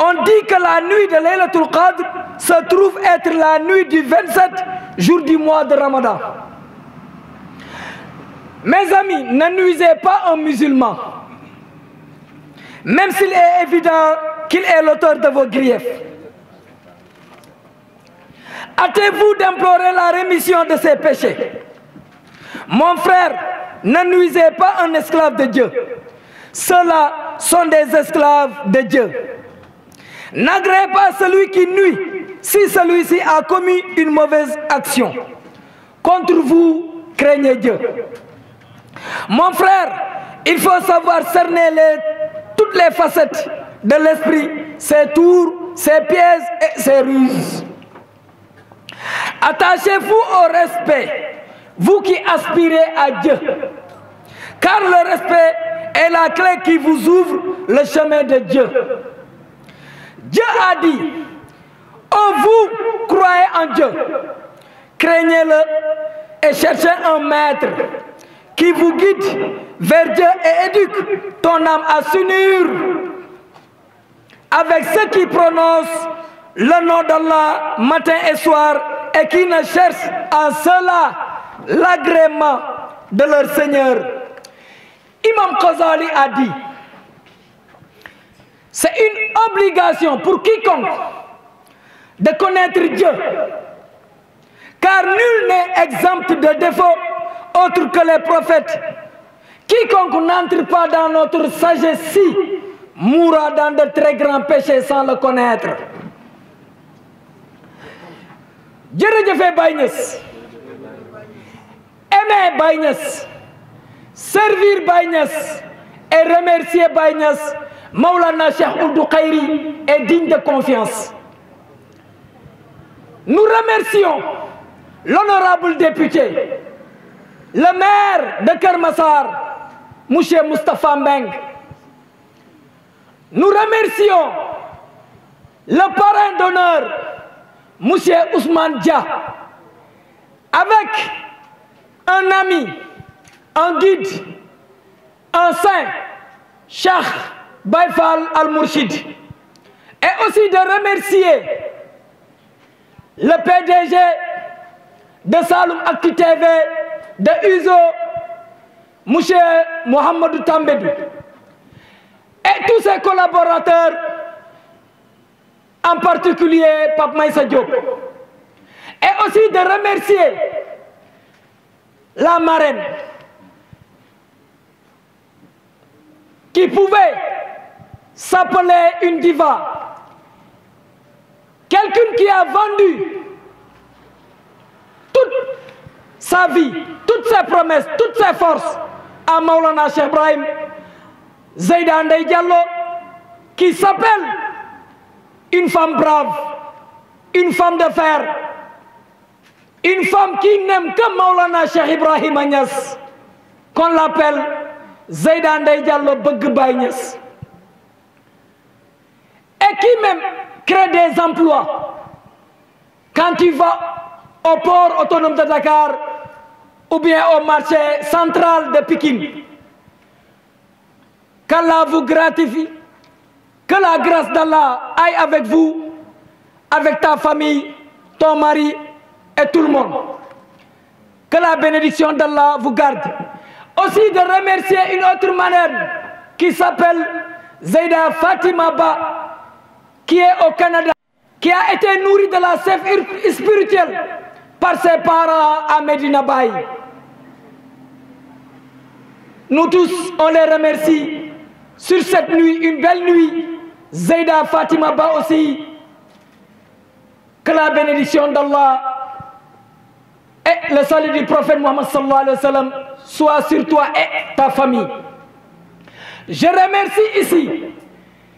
on dit que la nuit de Laylatul Qadr se trouve être la nuit du 27 jour du mois de Ramadan. Mes amis, ne nuisez pas un musulman. Même s'il est évident qu'il est l'auteur de vos griefs. Hâtez-vous d'implorer la rémission de ses péchés. Mon frère, ne nuisez pas un esclave de Dieu. Ceux-là sont des esclaves de Dieu. N'agréez pas celui qui nuit si celui-ci a commis une mauvaise action. Contre vous, craignez Dieu. Mon frère, il faut savoir cerner les, toutes les facettes de l'esprit, ses tours, ses pièces et ses ruses. Attachez-vous au respect, vous qui aspirez à Dieu, car le respect est la clé qui vous ouvre le chemin de Dieu. Dieu a dit, oh, vous croyez en Dieu, craignez-le et cherchez un maître qui vous guide vers Dieu et éduque ton âme à s'unir avec ceux qui prononcent le nom d'Allah matin et soir et qui ne cherchent en cela l'agrément de leur Seigneur. Imam Khazali a dit, c'est une obligation pour quiconque de connaître Dieu. Car nul n'est exempt de défaut autre que les prophètes. Quiconque n'entre pas dans notre sagesse mourra dans de très grands péchés sans le connaître. Dieu fait aimer Baye servir Baye et remercier Baye Maulana Cheikh Oudou Khairi est digne de confiance. Nous remercions l'honorable député, le maire de Kermassar, M. Moustapha Mbeng. Nous remercions le parrain d'honneur, M. Ousmane Dia, avec un ami, un guide, un saint, Cheikh Baifal Al-Mourchid, et aussi de remercier le PDG de Saloum Akki TV, de Uzo Moucher Mohamedou Tambedou, et tous ses collaborateurs, en particulier Pape Maïsa Diop, et aussi de remercier la marraine qui pouvait s'appelait une diva. Quelqu'un qui a vendu toute sa vie, toutes ses promesses, toutes ses forces à Maulana Cheikh Ibrahim Zayda Diallo, qui s'appelle une femme brave, une femme de fer, une femme qui n'aime que Maulana Cheikh Ibrahim qu'on l'appelle Zayda Diallo et qui même crée des emplois. Quand tu vas au port autonome de Dakar ou bien au marché central de Pékin, qu'Allah vous gratifie, que la grâce d'Allah aille avec vous, avec ta famille, ton mari et tout le monde. Que la bénédiction d'Allah vous garde. Aussi de remercier une autre manière qui s'appelle Zayda Fatima Ba qui est au Canada, qui a été nourri de la sève spirituelle par ses parents à Medina Bay. Nous tous, on les remercie sur cette nuit, une belle nuit. Zayda Fatima Ba aussi, que la bénédiction d'Allah et le salut du prophète Muhammad sallallahu alayhi wa sallam soit sur toi et ta famille. Je remercie ici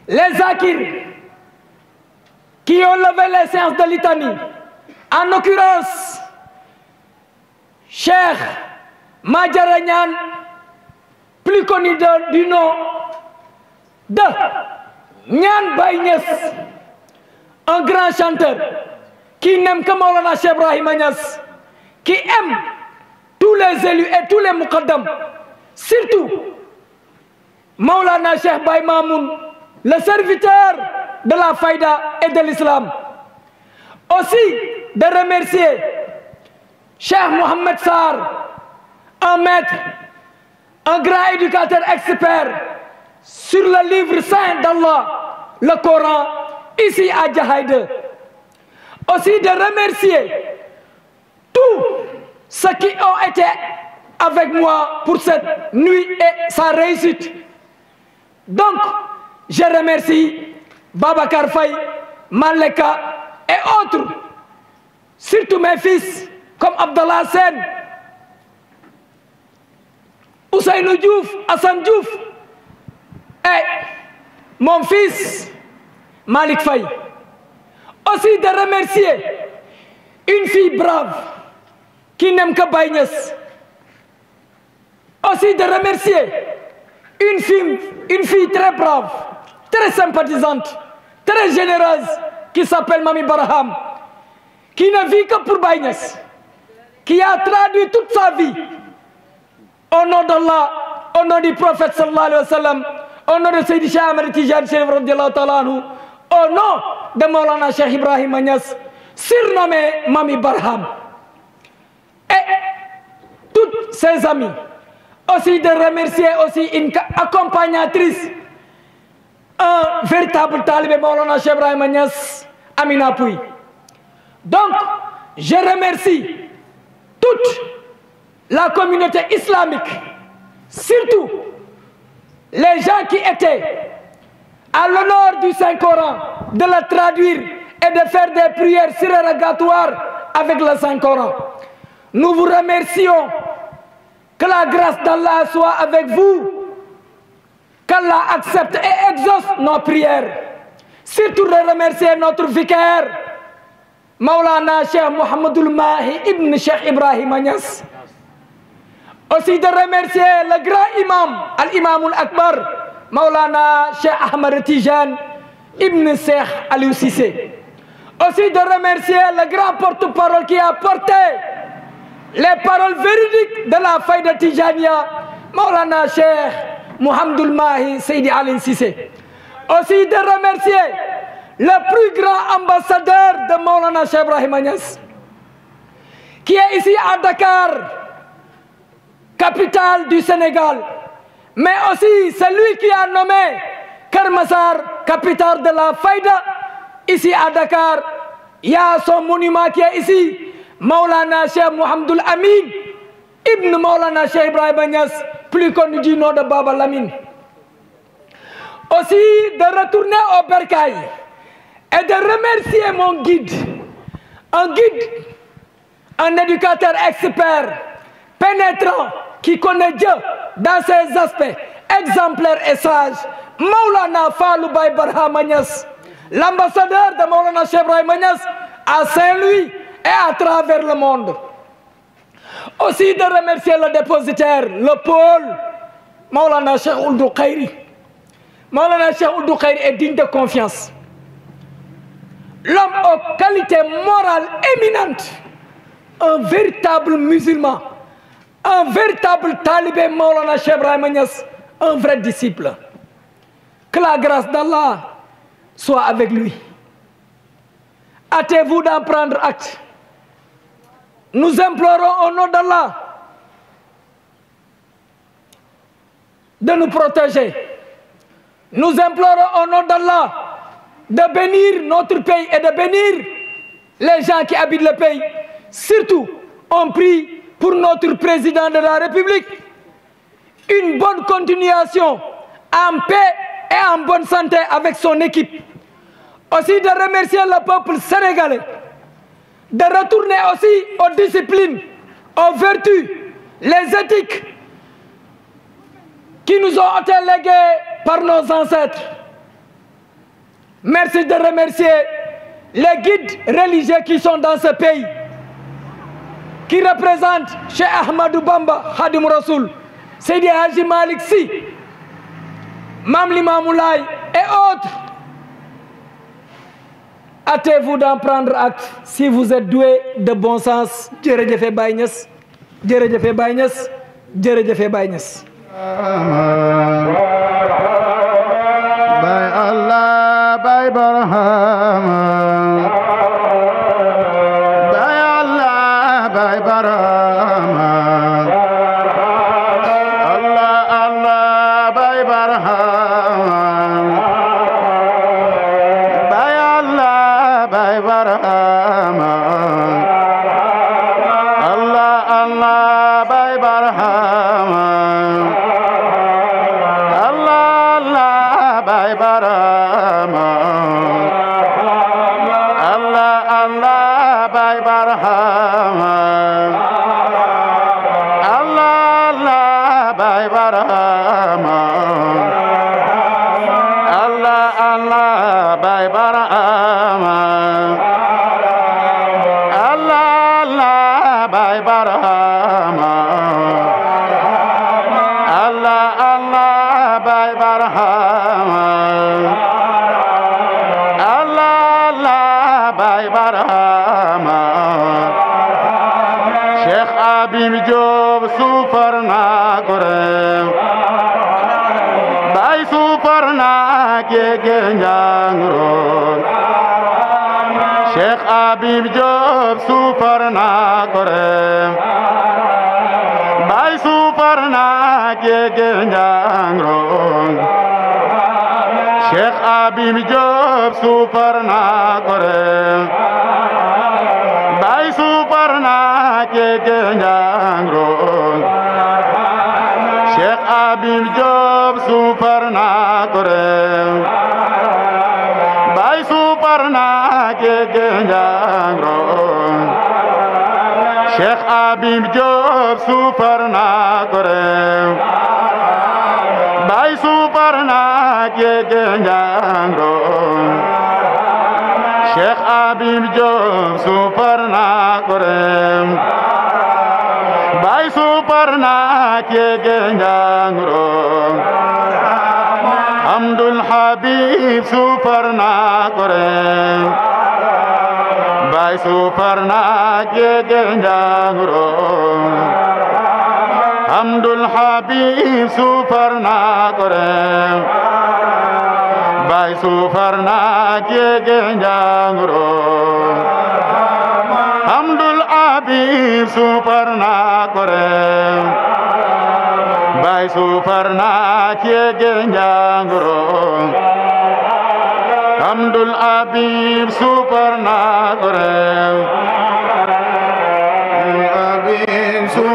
les Akir qui ont levé les séances de litanie. En l'occurrence, Cheikh Majaranyan plus connu du nom de Nyan Baynes, un grand chanteur qui n'aime que Maulana Cheikh Ibrahim qui aime tous les élus et tous les muqaddam, surtout Maulana Cheikh Bay le serviteur de la faïda et de l'islam. Aussi, de remercier Cheikh Mohamed Sar un maître, un grand éducateur expert sur le livre saint d'Allah, le Coran, ici à Djahaïde. Aussi de remercier tous ceux qui ont été avec moi pour cette nuit et sa réussite. Donc, je remercie Baba Karfaï, Maleka et autres surtout mes fils comme Abdallah Sen, Ousseynou Diouf Hassan Djouf et mon fils Malik Faye aussi de remercier une fille brave qui n'aime que Baïnes. aussi de remercier une fille une fille très brave très sympathisante très généreuse qui s'appelle Mami Barham, qui ne vit que pour Baynes, qui a traduit toute sa vie au nom d'Allah, au nom du prophète sallallahu alayhi wa sallam, au nom de Sayyidi Shah Amir Tijan au nom de Maulana Cheikh Ibrahim Agnès, surnommé Mami Barham. Et toutes ses amies, aussi de remercier aussi une accompagnatrice un véritable talibé Maulana Cheikh Ibrahima Amina donc je remercie toute la communauté islamique surtout les gens qui étaient à l'honneur du Saint-Coran de la traduire et de faire des prières surérogatoires avec le Saint-Coran nous vous remercions que la grâce d'Allah soit avec vous qu'Allah accepte et exauce nos prières. Surtout de remercier notre vicaire, Maulana Cheikh Mohamedou Mahi Ibn Cheikh Ibrahim Agnès. Aussi de remercier le grand imam, Al-Imam Al-Akbar, Maulana Cheikh Ahmed Tijan Ibn Cheikh Aliou Sissé. Aussi de remercier le grand porte-parole qui a porté les paroles véridiques de la faille de Tijania, Maulana Cheikh Mohamedou Mahi Seydi Alin sissé Aussi de remercier le plus grand ambassadeur de Maulana Cheikh qui est ici à Dakar, capitale du Sénégal, mais aussi celui qui a nommé Kermassar, capitale de la Faida, ici à Dakar. Il y a son monument qui est ici, Maulana Cheikh Mohamedou Amin. Ibn Maulana Cheikh Ibrahim plus connu du nom de Baba Lamine. Aussi de retourner au Berkay et de remercier mon guide, un guide, un éducateur expert, pénétrant, qui connaît Dieu dans ses aspects, exemplaire et sage, Maulana Faloubay Barham l'ambassadeur de Maulana Chebraï Ibrahim à Saint-Louis et à travers le monde. Aussi de remercier le dépositaire, le pôle, Maulana Cheikh Oudou Khairi. Maulana Cheikh Oudou Khairi est digne de confiance. L'homme aux qualités morales éminentes, un véritable musulman, un véritable talibé Maulana Cheikh un vrai disciple. Que la grâce d'Allah soit avec lui. Hâtez-vous d'en prendre acte. Nous implorons au nom d'Allah de nous protéger. Nous implorons au nom d'Allah de bénir notre pays et de bénir les gens qui habitent le pays. Surtout, on prie pour notre président de la République une bonne continuation en paix et en bonne santé avec son équipe. Aussi de remercier le peuple sénégalais de retourner aussi aux disciplines, aux vertus, les éthiques qui nous ont été léguées par nos ancêtres. Merci de remercier les guides religieux qui sont dans ce pays, qui représentent chez Ahmadou Bamba, Hadim Rasoul, Sidi Haji Malik Si, Mamli Mamoulay et autres Hâtez-vous d'en prendre acte si vous êtes doué de bon sens jërëjëfe Baye fait jërëjëfe Baye Niass fait Baye Dieu Baye Allah Baye Habib Diop suufar naa bay suufar naa jege njàngroon Cheikh Habib Diop suufar naa Gorée গরিব জব সুপার না করে ভাই সুপার না কে কে গো শেখ আবিব জব সুপার না করে ভাই সুপার না কে কে গো আমদুল হাবিব সুপার না করে ভাই সুপার না কে jangro hamdul habib sufarna gore bay sufarna jege jangro hamdul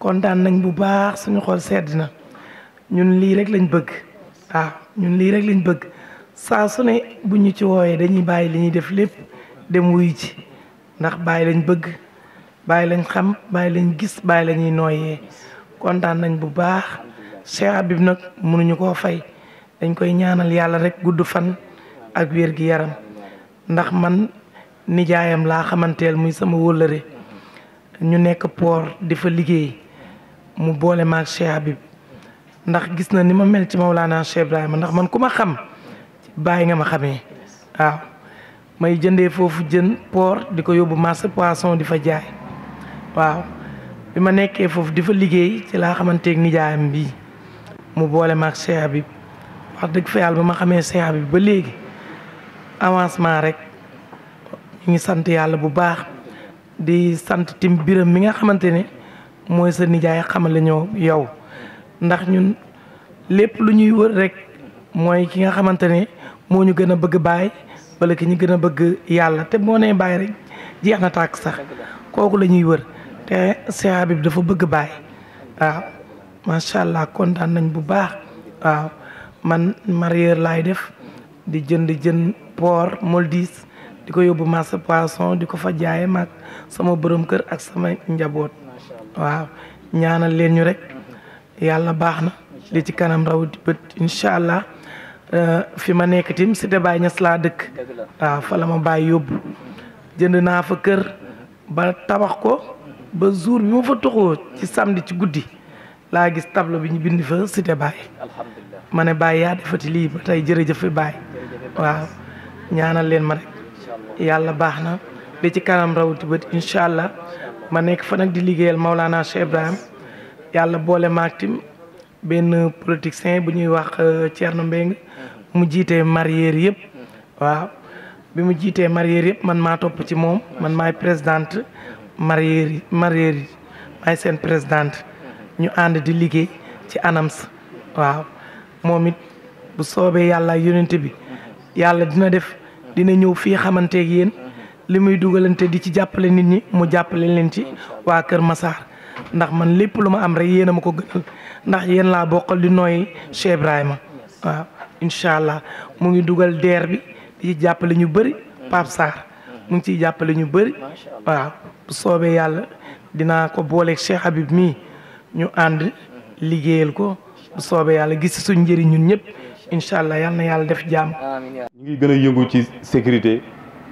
kontaan nañ bu baax suñu xol sedd na ñun lii rek lañ bëgg waaw ñun lii rek lañ bëgg saa su ne bu ñu ci wooyee dañuy bàyyi li ñuy def lépp dem wuyu ci ndax bàyyi lañ bëgg bàyyi lañ xam bàyyi lañ gis bàyyi la ñuy nooyee kontaan nañ bu baax Cheikh Habib nag mënuñu koo fay dañ koy ñaanal yàlla rek gudd fan ak wér gi yaram ndax man nijaayam laa xamanteel muy sama wóllëre ñu nekk poor di fa liggéey mu boole maag Cheikh Habib ndax gis na ni ma mel ci Maulana Cheikh ma ndax man ku ma xam bàyyi nga ma xamee waaw may jëndee foofu jën poor di ko yóbbu marché poisson di fa jaay waaw bi ma nekkee foofu di fa liggéey ci laa xamanteeg nijaayam bii mu boole maag Cheikh Habib wax dëgg fa yàlla ba ma xamee Cheikh bi ba léegi avancement rek ñu ngi sant yàlla bu baax di sant tim biram mi nga xamante ne mooy sa nijaay xamal la ñoo yow ndax ñun lépp lu ñuy wër rek mooy ki nga xamante ne moo ñu gën a bëgg baay wala ki ñu gën a bëgg yàlla te moo nee baay rek jeex na tàkk sax kooku la ñuy wër te bi Habib dafa bëgg baay waaw macha allah kontaan nañ bu baax waaw man mareyeur laay def di jënd jën port Moldis di ko yóbbu marché poisson di ko fa jaay mag sama borom kër ak sama njaboot. waaw ñaanal leen ñu rek yàlla baax na li ci kanam raw di bët incha allah eh, fi ma nekk tim si Baay Ñas laa dëkk waaw fa la ma bàyyi yóbbu jënd naa fa kër ba tabax ko ba jour bi ma fa toxoo ci samedi ci guddi laa gis tableau bi ñu bind fa Cité Baye ma ne Baye yaa defati lii ba tey jërëjëf baay waaw ñaanal leen ma rek yàlla baax na li ci kanam rawati bët incha allah ma nekk fa nag di liggéeyal Maulana Cheikh Ibrahim yàlla boole maag tim benn politicien bu ñuy wax euh, Thierno Mbengue mu jiitee mareyeur yëpp waaw bi mu jiitee mareyeur yëpp man maa topp ci moom man maay présidente mareyeur yi mareyeur yi maay seen présidente ñu ànd di liggéey ci ANAMS waaw moom it bu soobee yàlla yonent bi yàlla dina def dina ñëw fii xamanteeg yéen li muy dugalante di ci jàppale nit ñi mu jàppale leen ci waa Kër Massar ndax man lépp lu ma am rek yéen a ma ko gënal ndax yéen laa bokkal di nooy Cheikh Ibrahima waaw incha allah mu ngi dugal deer bi di ci jàppale ñu bëri Pape Sarr mu ngi ciy jàppale ñu bëri waaw bu soobee yàlla dinaa ko booleeg Cheikh Habib mii ñu ànd liggéeyal ko bu soobee yàlla gis suñ njëriñ ñun ñëpp incha allah na yàlla def jàmm. ñu ngi gën a yëngu ci sécurité.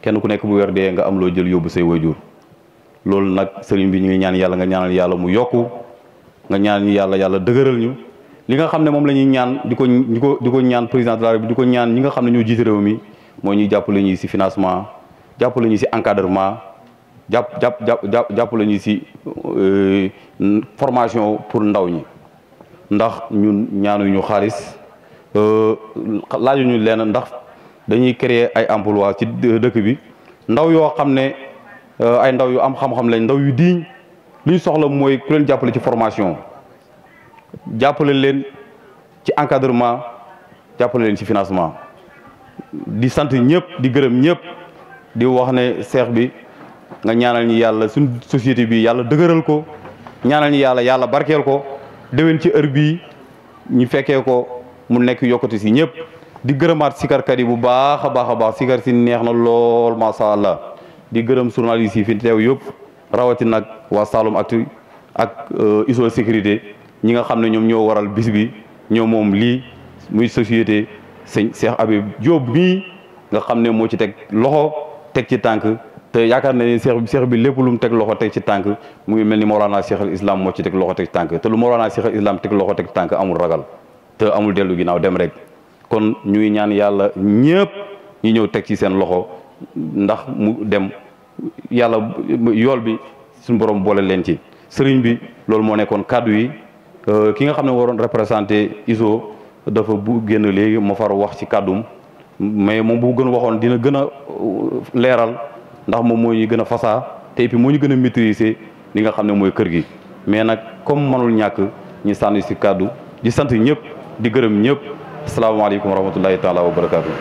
kenn ku nekk bu weer dee nga am loo jël yóbbu say waajur loolu nag sëriñ bi ñu ñaan yàlla nga ñaanal yàlla mu yokku nga ñaan ñu yàlla yàlla dëgëral ñu li nga xam ne moom la ñuy ñaan di ko di ko di ko ñaan président de la République ko ñaan ñi nga xam ne ñoo jiite réew mi mooy ñuy jàppale ñu si financement jàppale ñu si encadrement jàpp jàpp jàpp jàppale ñu si euh, formation pour ndaw ñi ndax ñun ñaanuñu xaalis euh, laajuñu leen ndax. dañuy créer ay emploi ci dëkk bi ndaw yoo xam ne euh, ay ndaw yu am xam-xam lañ ndaw yu diiñ li ñu soxla mooy ku leen jàppale ci formation jàppale leen ci encadrement jàppale leen ci financement di sant ñëpp di gërëm ñëpp di wax ne seex bi nga ñaanal ñi yàlla suñ société bi yàlla dëgëral ko ñaanal ñi yàlla yàlla barkeel ko déwén ci heure bi ñu fekkee ko mu nekk yokkati si ñëpp di gërëmaat sikarkat yi bu baax a baax a baax sikar si neex na lool macha allah di gërëm journaliste yi fi teew yëpp rawati nag waa Saloum Actu ak euh, ISO sécurité ñi nga xam ne ñoom ñoo waral bis ñoom moom lii muy société sëñ Cheikh Habib Diop bii nga xam ne moo ci teg loxo teg ci tànk te yaakaar na ne Cheikh Cheikh bi lépp lu mu teg loxo teg ci tànk mu ngi mel ni Mawlana Cheikh al Islam moo ci teg loxo teg ci tànk te lu Mawlana Cheikh al Islam teg teg tànk amul ragal te amul dellu ginnaaw dem rek kon ñuy ñaan yàlla ñëpp ñu ñëw teg ci seen loxo ndax mu dem yàlla yool bi suñu borom boole leen ci sëriñ bi loolu moo nekkoon kàddu yi euh, ki nga xam ne waroon représenté ISO dafa bu génn léegi ma far wax ci kàddum mais moom bu gën waxoon dina gën a euh, leeral ndax moom moo ñu gën a fasaa te et puis moo ñu gën a maîtriser li nga xam ne mooy kër gi mais nag comme manul ñàkk ñu sànni si kàddu di sant ñëpp di gërëm ñëpp السلام عليكم ورحمه الله تعالى وبركاته